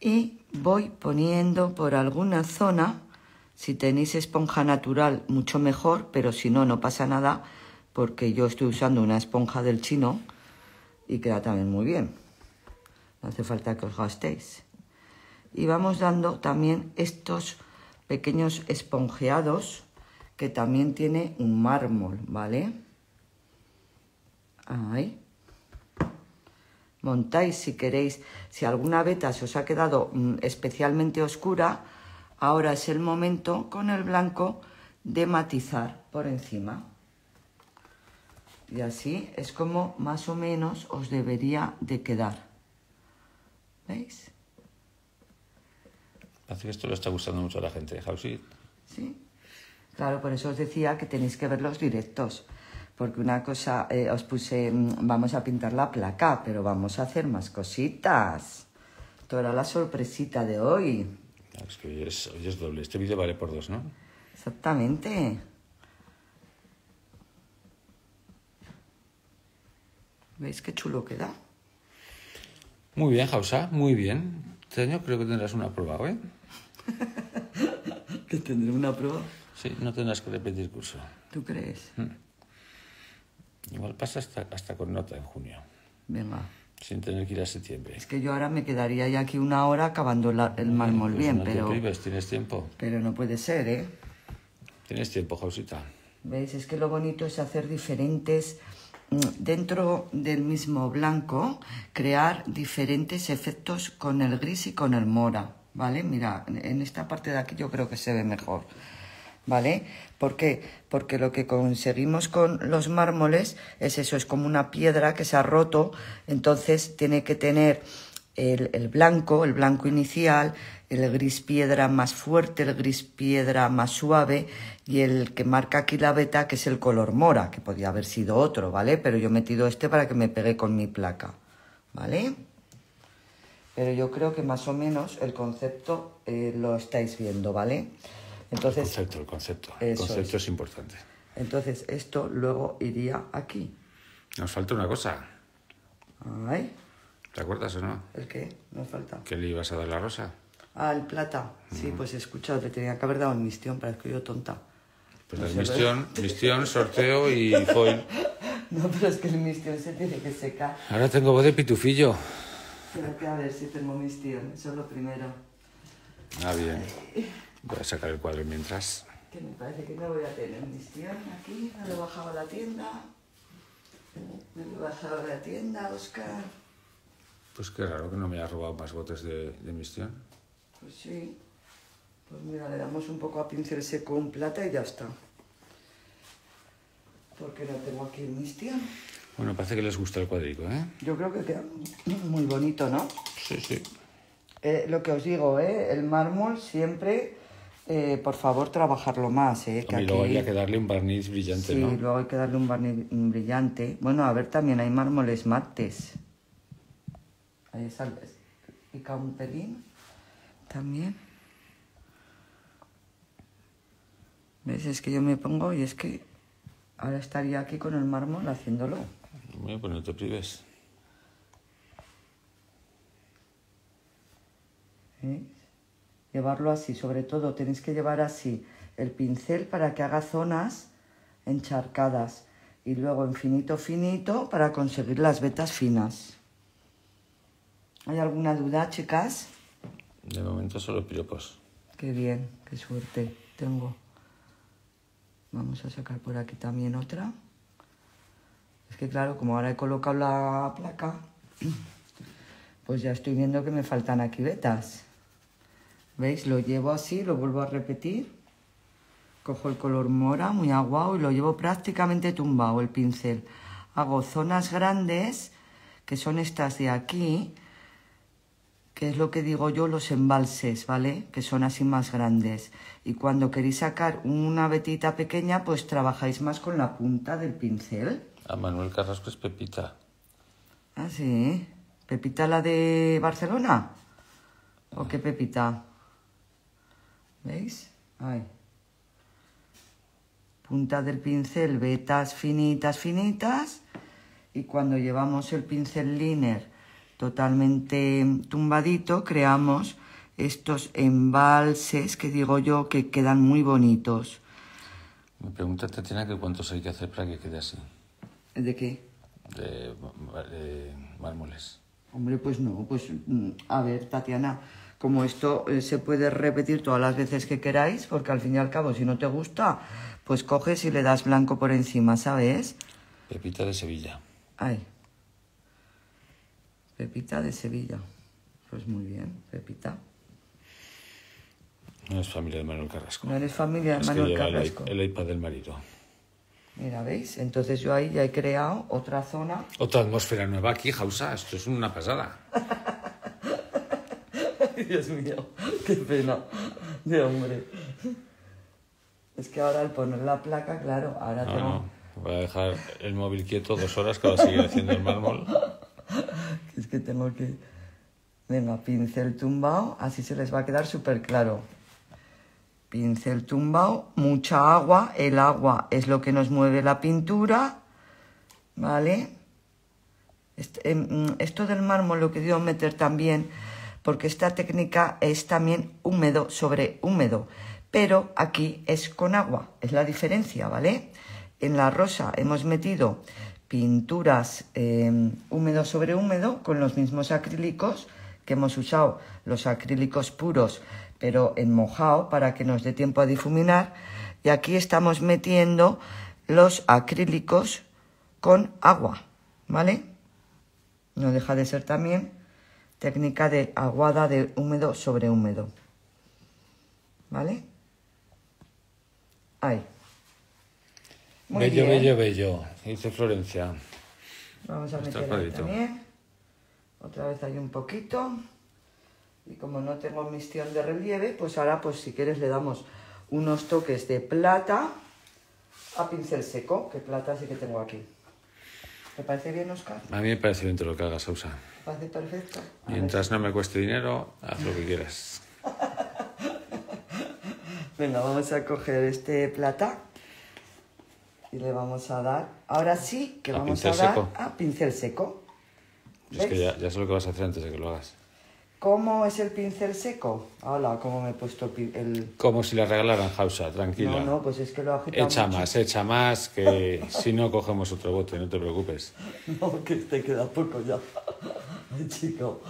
Y voy poniendo por alguna zona, si tenéis esponja natural mucho mejor, pero si no, no pasa nada, porque yo estoy usando una esponja del chino, y queda también muy bien. No hace falta que os gastéis. Y vamos dando también estos pequeños esponjeados que también tiene un mármol, ¿vale? Ahí. Montáis si queréis, si alguna veta se os ha quedado mm, especialmente oscura, ahora es el momento con el blanco de matizar por encima. Y así es como más o menos os debería de quedar. ¿Veis? Parece que esto lo está gustando mucho a la gente de Sí. Claro, por eso os decía que tenéis que ver los directos. Porque una cosa, eh, os puse, mm, vamos a pintar la placa, pero vamos a hacer más cositas. Toda era la sorpresita de hoy. Es que hoy es, hoy es doble. Este vídeo vale por dos, ¿no? Exactamente. ¿Veis qué chulo queda? Muy bien, Jausa, muy bien. Este creo que tendrás una prueba, ¿eh? (laughs) ¿Que tendré una prueba? Sí, no tendrás que repetir curso. ¿Tú crees? Mm. Igual pasa hasta, con nota en junio. Venga. Sin tener que ir a septiembre. Es que yo ahora me quedaría ya aquí una hora acabando el mármol pues bien, no pero... Te prives, tienes tiempo. Pero no puede ser, ¿eh? Tienes tiempo, Jausita. ¿Veis? Es que lo bonito es hacer diferentes dentro del mismo blanco crear diferentes efectos con el gris y con el mora, ¿vale? Mira, en esta parte de aquí yo creo que se ve mejor, ¿vale? ¿Por qué? Porque lo que conseguimos con los mármoles es eso, es como una piedra que se ha roto, entonces tiene que tener el, blanco, el blanco inicial, el gris piedra más fuerte, el gris piedra más suave y el que marca aquí la beta, que es el color mora, que podía haber sido otro, ¿vale? Pero yo he metido este para que me pegue con mi placa, ¿vale? Pero yo creo que más o menos el concepto eh, lo estáis viendo, ¿vale? Entonces, el concepto, el concepto. El concepto es. importante. Entonces, esto luego iría aquí. Nos falta una cosa. ¿Te acuerdas o no? ¿El qué? No falta. ¿Que le ibas a dar la rosa? Ah, el plata. Sí, pues he escuchado, te tenía que haber dado el mistión, que yo tonta. Pues no el mistión, mistión, sorteo y (laughs) foil. No, pero es que el mistión se tiene que secar. Ahora tengo voz de pitufillo. Pero que a ver si tengo mistión, eso es lo primero. Ah, bien. Voy a sacar el cuadro mientras. Que me parece que no voy a tener mistión aquí, no lo bajaba a la tienda. No lo bajaba a la tienda, Oscar. Pues qué raro que no me haya robado más botes de, de mistión. Pues sí. Pues mira, le damos un poco a pincel seco un plata y ya está. Porque no tengo aquí el mistión. Bueno, parece que les gusta el cuadrico, ¿eh? Yo creo que queda muy bonito, ¿no? Sí, sí. Eh, lo que os digo, ¿eh? El mármol siempre, eh, por favor, trabajarlo más, ¿eh? Que y luego hay que darle un barniz brillante, sí, ¿no? Sí, luego hay que darle un barniz brillante. Bueno, a ver, también hay mármoles mates. Ahí sales. Pica un pelín también. ¿Ves? Es que yo me pongo y es que ahora estaría aquí con el mármol haciéndolo. Voy a pues no te prives. Llevarlo así, sobre todo tenéis que llevar así el pincel para que haga zonas encharcadas y luego en finito finito para conseguir las vetas finas. ¿Hay alguna duda, chicas? De momento solo piropos. Qué bien, qué suerte tengo. Vamos a sacar por aquí también otra. Es que claro, como ahora he colocado la placa, (clears throat) pues ya estoy viendo que me faltan aquí vetas. ¿Veis? Lo llevo así, lo vuelvo a repetir. Cojo el color mora, muy aguado, y lo llevo prácticamente tumbado el pincel. Hago zonas grandes, que son estas de aquí, es lo que digo yo, los embalses, ¿vale? Que son así más grandes. Y cuando queréis sacar una vetita pequeña, pues trabajáis más con la punta del pincel. A Manuel Carrasco es Pepita. Ah, sí. ¿Pepita la de Barcelona? ¿O qué Pepita? ¿Veis? Ahí. Punta del pincel, vetas finitas, finitas. Y cuando llevamos el pincel liner totalmente tumbadito, creamos estos embalses que digo yo que quedan muy bonitos. Me pregunta Tatiana que cuántos hay que hacer para que quede así. ¿De qué? De, mármoles. Hombre, pues no, pues mm, a ver, Tatiana, como esto eh, se puede repetir todas las veces que queráis, porque al fin y al cabo, si no te gusta, pues coges y le das blanco por encima, ¿sabes? Pepita de Sevilla. Ay. Pepita de Sevilla. Pues muy bien, Pepita. No es familia de Manuel Carrasco. No eres familia de Manuel Carrasco. El, el iPad del marido. Mira, ¿veis? Entonces yo ahí ya he creado otra zona. Otra atmósfera nueva aquí, Jausa. Esto es una pasada. (laughs) Dios mío, qué pena. De hombre. Es que ahora al poner la placa, claro, ahora tengo... Voy a dejar el móvil quieto dos horas que ahora seguir haciendo el mármol que tengo que... Venga, pincel tumbado, así se les va a quedar súper claro. Pincel tumbado, mucha agua, el agua es lo que nos mueve la pintura, ¿vale? Em, esto del mármol lo que dio meter también, porque esta técnica es también húmedo sobre húmedo, pero aquí es con agua, es la diferencia, ¿vale? En la rosa hemos metido pinturas em, húmedo sobre húmedo con los mismos acrílicos que hemos usado, los acrílicos puros, pero en mojado para que nos dé tiempo a difuminar. Y aquí estamos metiendo los acrílicos con agua, ¿vale? No deja de ser también técnica de aguada de húmedo sobre húmedo, ¿vale? Ahí bello, bello, bello. Dice Florencia. Vamos a meter también. Otra vez hay un poquito. Y como no tengo misión de relieve, pues ahora, pues si quieres, le damos unos toques de plata a pincel seco, que plata sí que tengo aquí. ¿Te parece bien, Oscar? A mí me parece bien todo lo que hagas, Sousa. Me parece perfecto. Mientras no me cueste dinero, haz lo que quieras. (laughs) Venga, vamos a coger este plata y le vamos a dar. Ahora sí que vamos a dar seco. a pincel seco. Es que ya, ya sé lo que vas a hacer antes de que lo hagas. ¿Cómo es el pincel seco? Hola, ¿cómo me he puesto el...? Como si le regalaran Hausa, tranquila. No, no, pues es que lo agitamos. Echa más, echa más, que (laughs) si no cogemos otro bote, no te preocupes. No, que te queda poco ya, chico.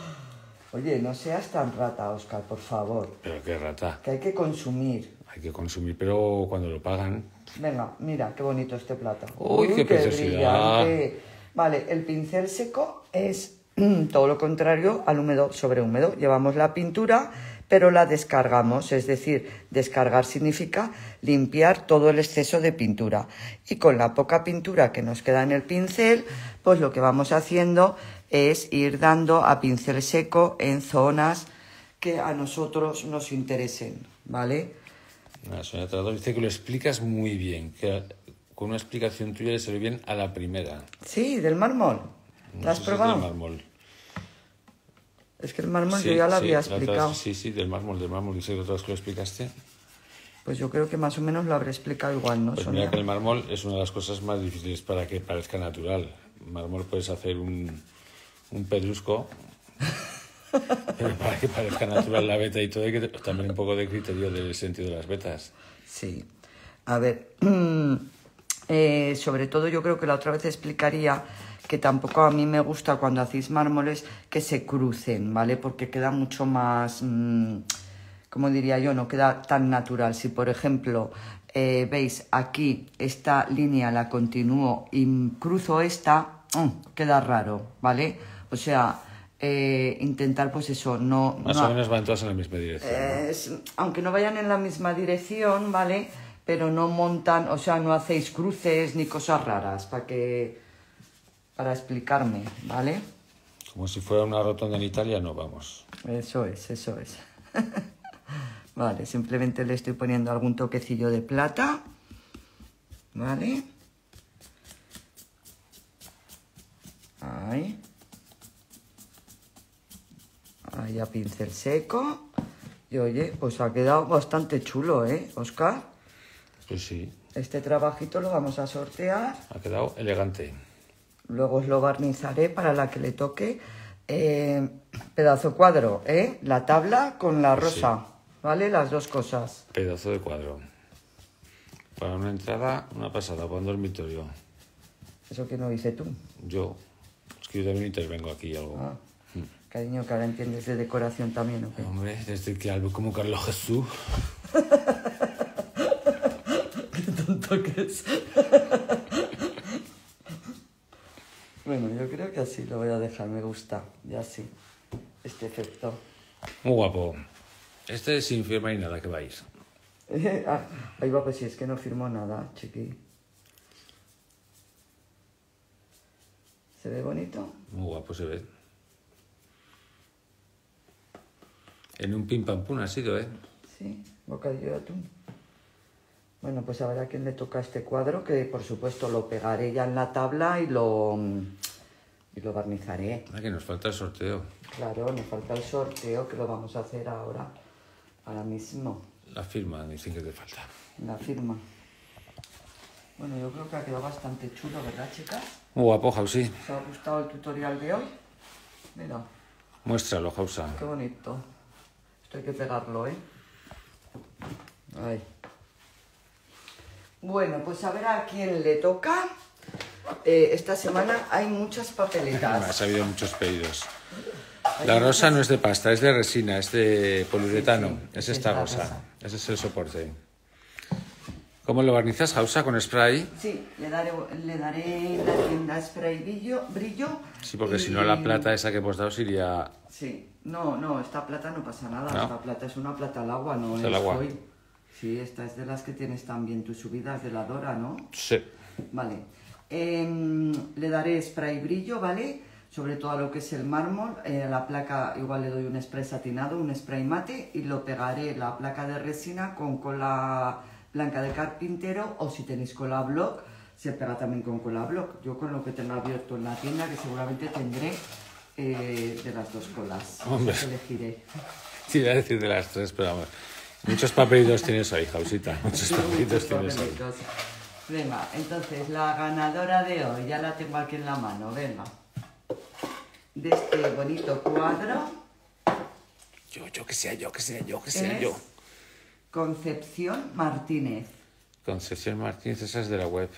Oye, no seas tan rata, Oscar, por favor. ¿Pero qué rata? Que hay que consumir. Hay que consumir, pero cuando lo pagan... Venga, mira, qué bonito este plato. Uy, qué, Vale, el pincel seco es mm, todo lo contrario al húmedo sobre húmedo. Llevamos la pintura, pero la descargamos, es decir, descargar significa limpiar todo el exceso de pintura. Y con la poca pintura que nos queda en el pincel, pues lo que vamos haciendo es ir dando a pincel seco en zonas que a nosotros nos interesen, ¿vale? La señora Trador dice que lo explicas muy bien, que con una explicación tuya le salió bien a la primera. Sí, del mármol. ¿La has probado? es del que el mármol yo ya lo había explicado. sí, sí, del mármol, del mármol. Dice que otra vez que lo explicaste. Pues yo creo que más o menos lo habré explicado igual, ¿no? Pues que el mármol es una de las cosas más difíciles para que parezca natural. Mármol puedes hacer un, un pedrusco (laughs) para que parezca natural la beta y todo, hay que también un poco de criterio del sentido de las betas. Sí. A ver, (clears throat) eh, sobre todo yo creo que la otra vez explicaría que tampoco a mí me gusta cuando hacéis mármoles que se crucen, ¿vale? Porque queda mucho más, mm, ¿Cómo diría yo, no queda tan natural. Si, por ejemplo, eh, veis aquí esta línea la continúo y cruzo esta, mm, queda raro, ¿vale? O sea, eh, intentar, pues eso, no... Más o menos van todas en la misma dirección. Aunque no vayan en la misma dirección, ¿vale? Pero no montan, o sea, no hacéis cruces ni cosas raras, para que... para explicarme, ¿vale? Como si fuera una rotonda en Italia, no vamos. Eso es, eso es. (laughs) vale, simplemente le estoy poniendo algún toquecillo de plata. ¿Vale? Ahí. Ahí ya pincel seco. Y oye, pues ha quedado bastante chulo, ¿eh, Oscar? Pues sí. Este trabajito lo vamos a sortear. Ha quedado elegante. Luego os lo barnizaré para la que le toque. Eh, pedazo cuadro, ¿eh? La tabla con la rosa, ¿vale? Las dos cosas. Pedazo de cuadro. Para una entrada, una pasada, para un dormitorio. ¿Eso que no hice tú? Yo. Es que yo también intervengo aquí algo. Ah. Cariño, que ahora entiendes de decoración también, ¿no Hombre, desde que algo como Carlos Jesús. (laughs) qué tonto que es. (laughs) bueno, yo creo que así lo voy a dejar, me gusta. Ya sí, este efecto. Muy guapo. Este es sin firma y nada que vais. (laughs) ah, ahí va, pues si es que no firmó nada, chiqui. ¿Se ve bonito? Muy guapo se ve. En un pim pam pum ha sido, ¿eh? Sí, bocadillo de atún. Bueno, pues ahora quién le toca este cuadro, que por supuesto lo pegaré ya en la tabla y lo, y lo barnizaré. Ah, que nos falta el sorteo. Claro, nos falta el sorteo, que lo vamos a hacer ahora, ahora mismo. La firma, dicen que te falta. La firma. Bueno, yo creo que ha quedado bastante chulo, ¿verdad, chicas? Muy guapo, Jausi. ¿Os ha gustado el tutorial de hoy? Mira. Muéstralo, Jausa. Qué bonito. Esto hay que pegarlo, ¿eh? Ay. Bueno, pues a ver a quién le toca. Eh, esta semana hay muchas papeletas. ha habido muchos pedidos. La rosa no es de pasta, es de resina, es de poliuretano. es esta rosa. Ese es el soporte. ¿Cómo lo barnizas, Jausa, con spray? Sí, le daré, le la tienda spray brillo. sí, porque si no la plata esa que hemos dado sería... sí. No, no, esta plata no pasa nada. Esta plata es una plata al agua, no es, el agua. Sí, esta es de las que tienes también tus subidas de la Dora, ¿no? Sí. Vale. Em, le daré spray brillo, ¿vale? Sobre todo a lo que es el mármol. Eh, la placa igual le doy un spray satinado, un spray mate y lo pegaré la placa de resina con cola blanca de carpintero o si tenéis cola block, se pega también con cola block. Yo con lo que tengo abierto en la tienda, que seguramente tendré eh, de las dos colas. Hombre. Elegiré. Sí, a decir de las tres, pero vamos. Muchos papelitos tienes ahí, Jausita. Muchos papelitos tienes Venga, entonces la ganadora de hoy, ya la tengo aquí en la mano, venga. De este bonito cuadro. Yo, yo que sea, yo que sea, yo que sea, yo. Concepción Martínez. Concepción Martínez, esa es de la web.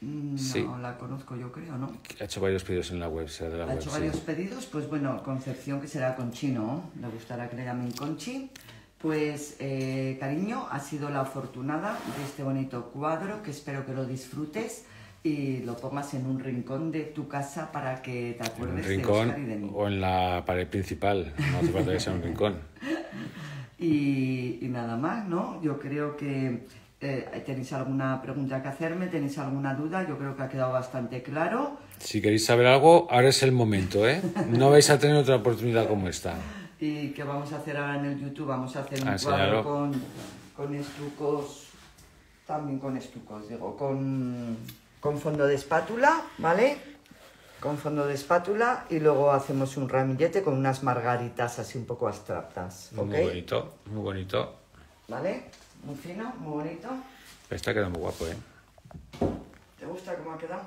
No la conozco, yo creo, ¿no? Ha hecho varios pedidos en la web, ha hecho varios pedidos, pues bueno, Concepción, que será Conchino, le gustará que le llamen Conchi. Pues, eh, cariño, ha sido la afortunada de este bonito cuadro, que espero que lo disfrutes y lo pongas en un rincón de tu casa para que te acuerdes en un y O en la pared principal, no hace falta que sea un rincón. (laughs) y nada más, ¿no? Yo creo que eh, tenéis alguna pregunta que hacerme, tenéis alguna duda, yo creo que ha quedado bastante claro. Si queréis saber algo, ahora es el momento, ¿eh? No vais a tener otra oportunidad como esta. (laughs) ¿Y qué vamos a hacer ahora en el YouTube? Vamos a hacer un ah, cuadro con, con, estucos, también con estucos, digo, con, con fondo de espátula, ¿vale? Con fondo de espátula y luego hacemos un ramillete con unas margaritas así un poco abstractas. Muy bonito, muy bonito. ¿Vale? Muy fino, muy bonito. Está quedando muy guapo, ¿eh? ¿Te gusta cómo ha quedado?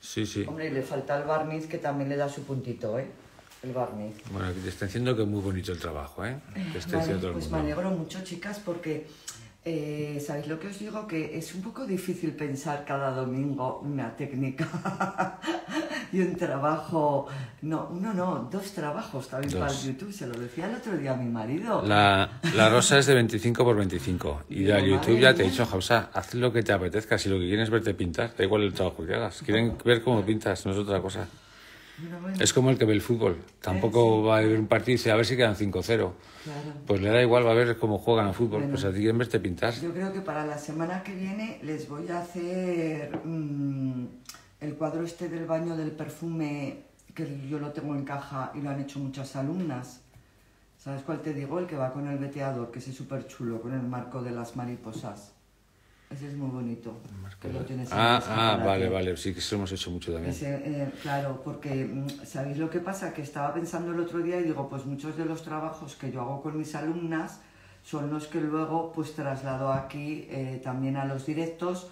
Sí, sí. Hombre, y le falta el barniz que también le da su puntito, ¿eh? El barniz. Bueno, te estoy diciendo que es muy bonito el trabajo, ¿eh? Te estoy pues todo el pues mundo. me alegro mucho, chicas, porque eh, ¿Sabéis lo que os digo? Que es un poco difícil pensar cada domingo una técnica (laughs) y un trabajo. No, uno no, dos trabajos también para para YouTube. Se lo decía el otro día mi marido. La, la rosa es de 25 por 25. Y la YouTube ya te he dicho, Jausa, haz lo que te apetezca. Si lo que quieres es verte pintar, da igual el trabajo que hagas. Quieren ver cómo pintas, no es otra cosa. Es como el que ve el fútbol. Tampoco va a haber un partido y dice, a ver si quedan 5-0. Pues le da igual, va a ver cómo juegan al fútbol. pues a ti en vez de pintas. Yo creo que para la semana que viene les voy a hacer mm, el cuadro este del baño del perfume, que yo lo tengo en caja y lo han hecho muchas alumnas. ¿Sabes cuál te digo? El que va con el veteador, que es súper chulo, con el marco de las mariposas. Ese es muy bonito. ah, ah vale, vale, sí que eso hemos hecho mucho también. Eh, claro, porque mm, ¿sabéis lo que pasa? Que estaba pensando el otro día y digo, pues muchos de los trabajos que yo hago con mis alumnas son los que luego pues traslado aquí eh, también a los directos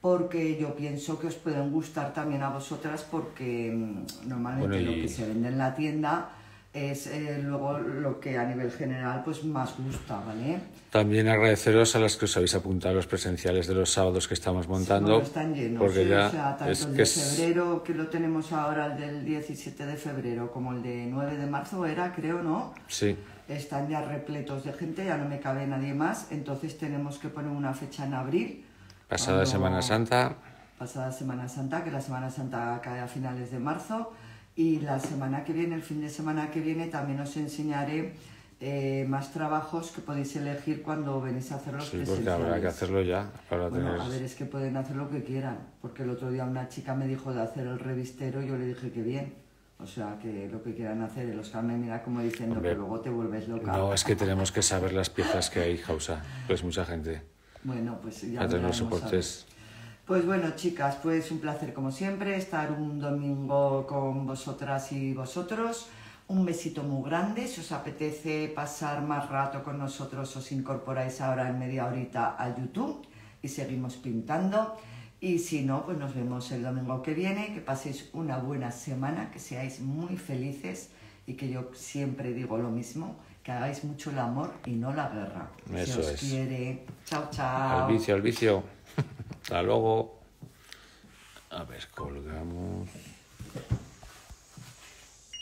porque yo pienso que os pueden gustar también a vosotras porque mm, normalmente lo que se vende en la tienda es eh, luego lo que a nivel general pues más gusta, ¿vale? También agradeceros a las que os habéis apuntado a los presenciales de los sábados que estamos montando. Sí, están llenos, porque ¿eh? ya o sea, tanto el de febrero, que lo tenemos ahora, el del 17 de febrero, como el de 9 de marzo era, creo, ¿no? Sí. Están ya repletos de gente, ya no me cabe nadie más, entonces tenemos que poner una fecha en abril. Pasada Semana Santa. Pasada Semana Santa, que la Semana Santa cae a finales de marzo y la semana que viene, el fin de semana que viene, también os enseñaré eh, más trabajos que podéis elegir cuando venís a hacer los sí, porque habrá que hacerlo ya. Para bueno, A ver, es que pueden hacer lo que quieran, porque el otro día una chica me dijo de hacer el revistero y yo le dije que bien. O sea, que lo que quieran hacer, los me mira como diciendo que luego te vuelves loca. No, es que tenemos que saber las piezas que hay, Jausa, pues mucha gente. Bueno, pues ya... soportes... Pues bueno, chicas, pues un placer como siempre estar un domingo con vosotras y vosotros. Un besito muy grande. Si os apetece pasar más rato con nosotros, os incorporáis ahora en media horita a YouTube y seguimos pintando. Y si no, pues nos vemos el domingo que viene. Que paséis una buena semana, que seáis muy felices y que yo siempre digo lo mismo, que hagáis mucho el amor y no la guerra. Eso os quiere. Chao, chao. Al vicio, al vicio. Hasta luego. A ver, colgamos.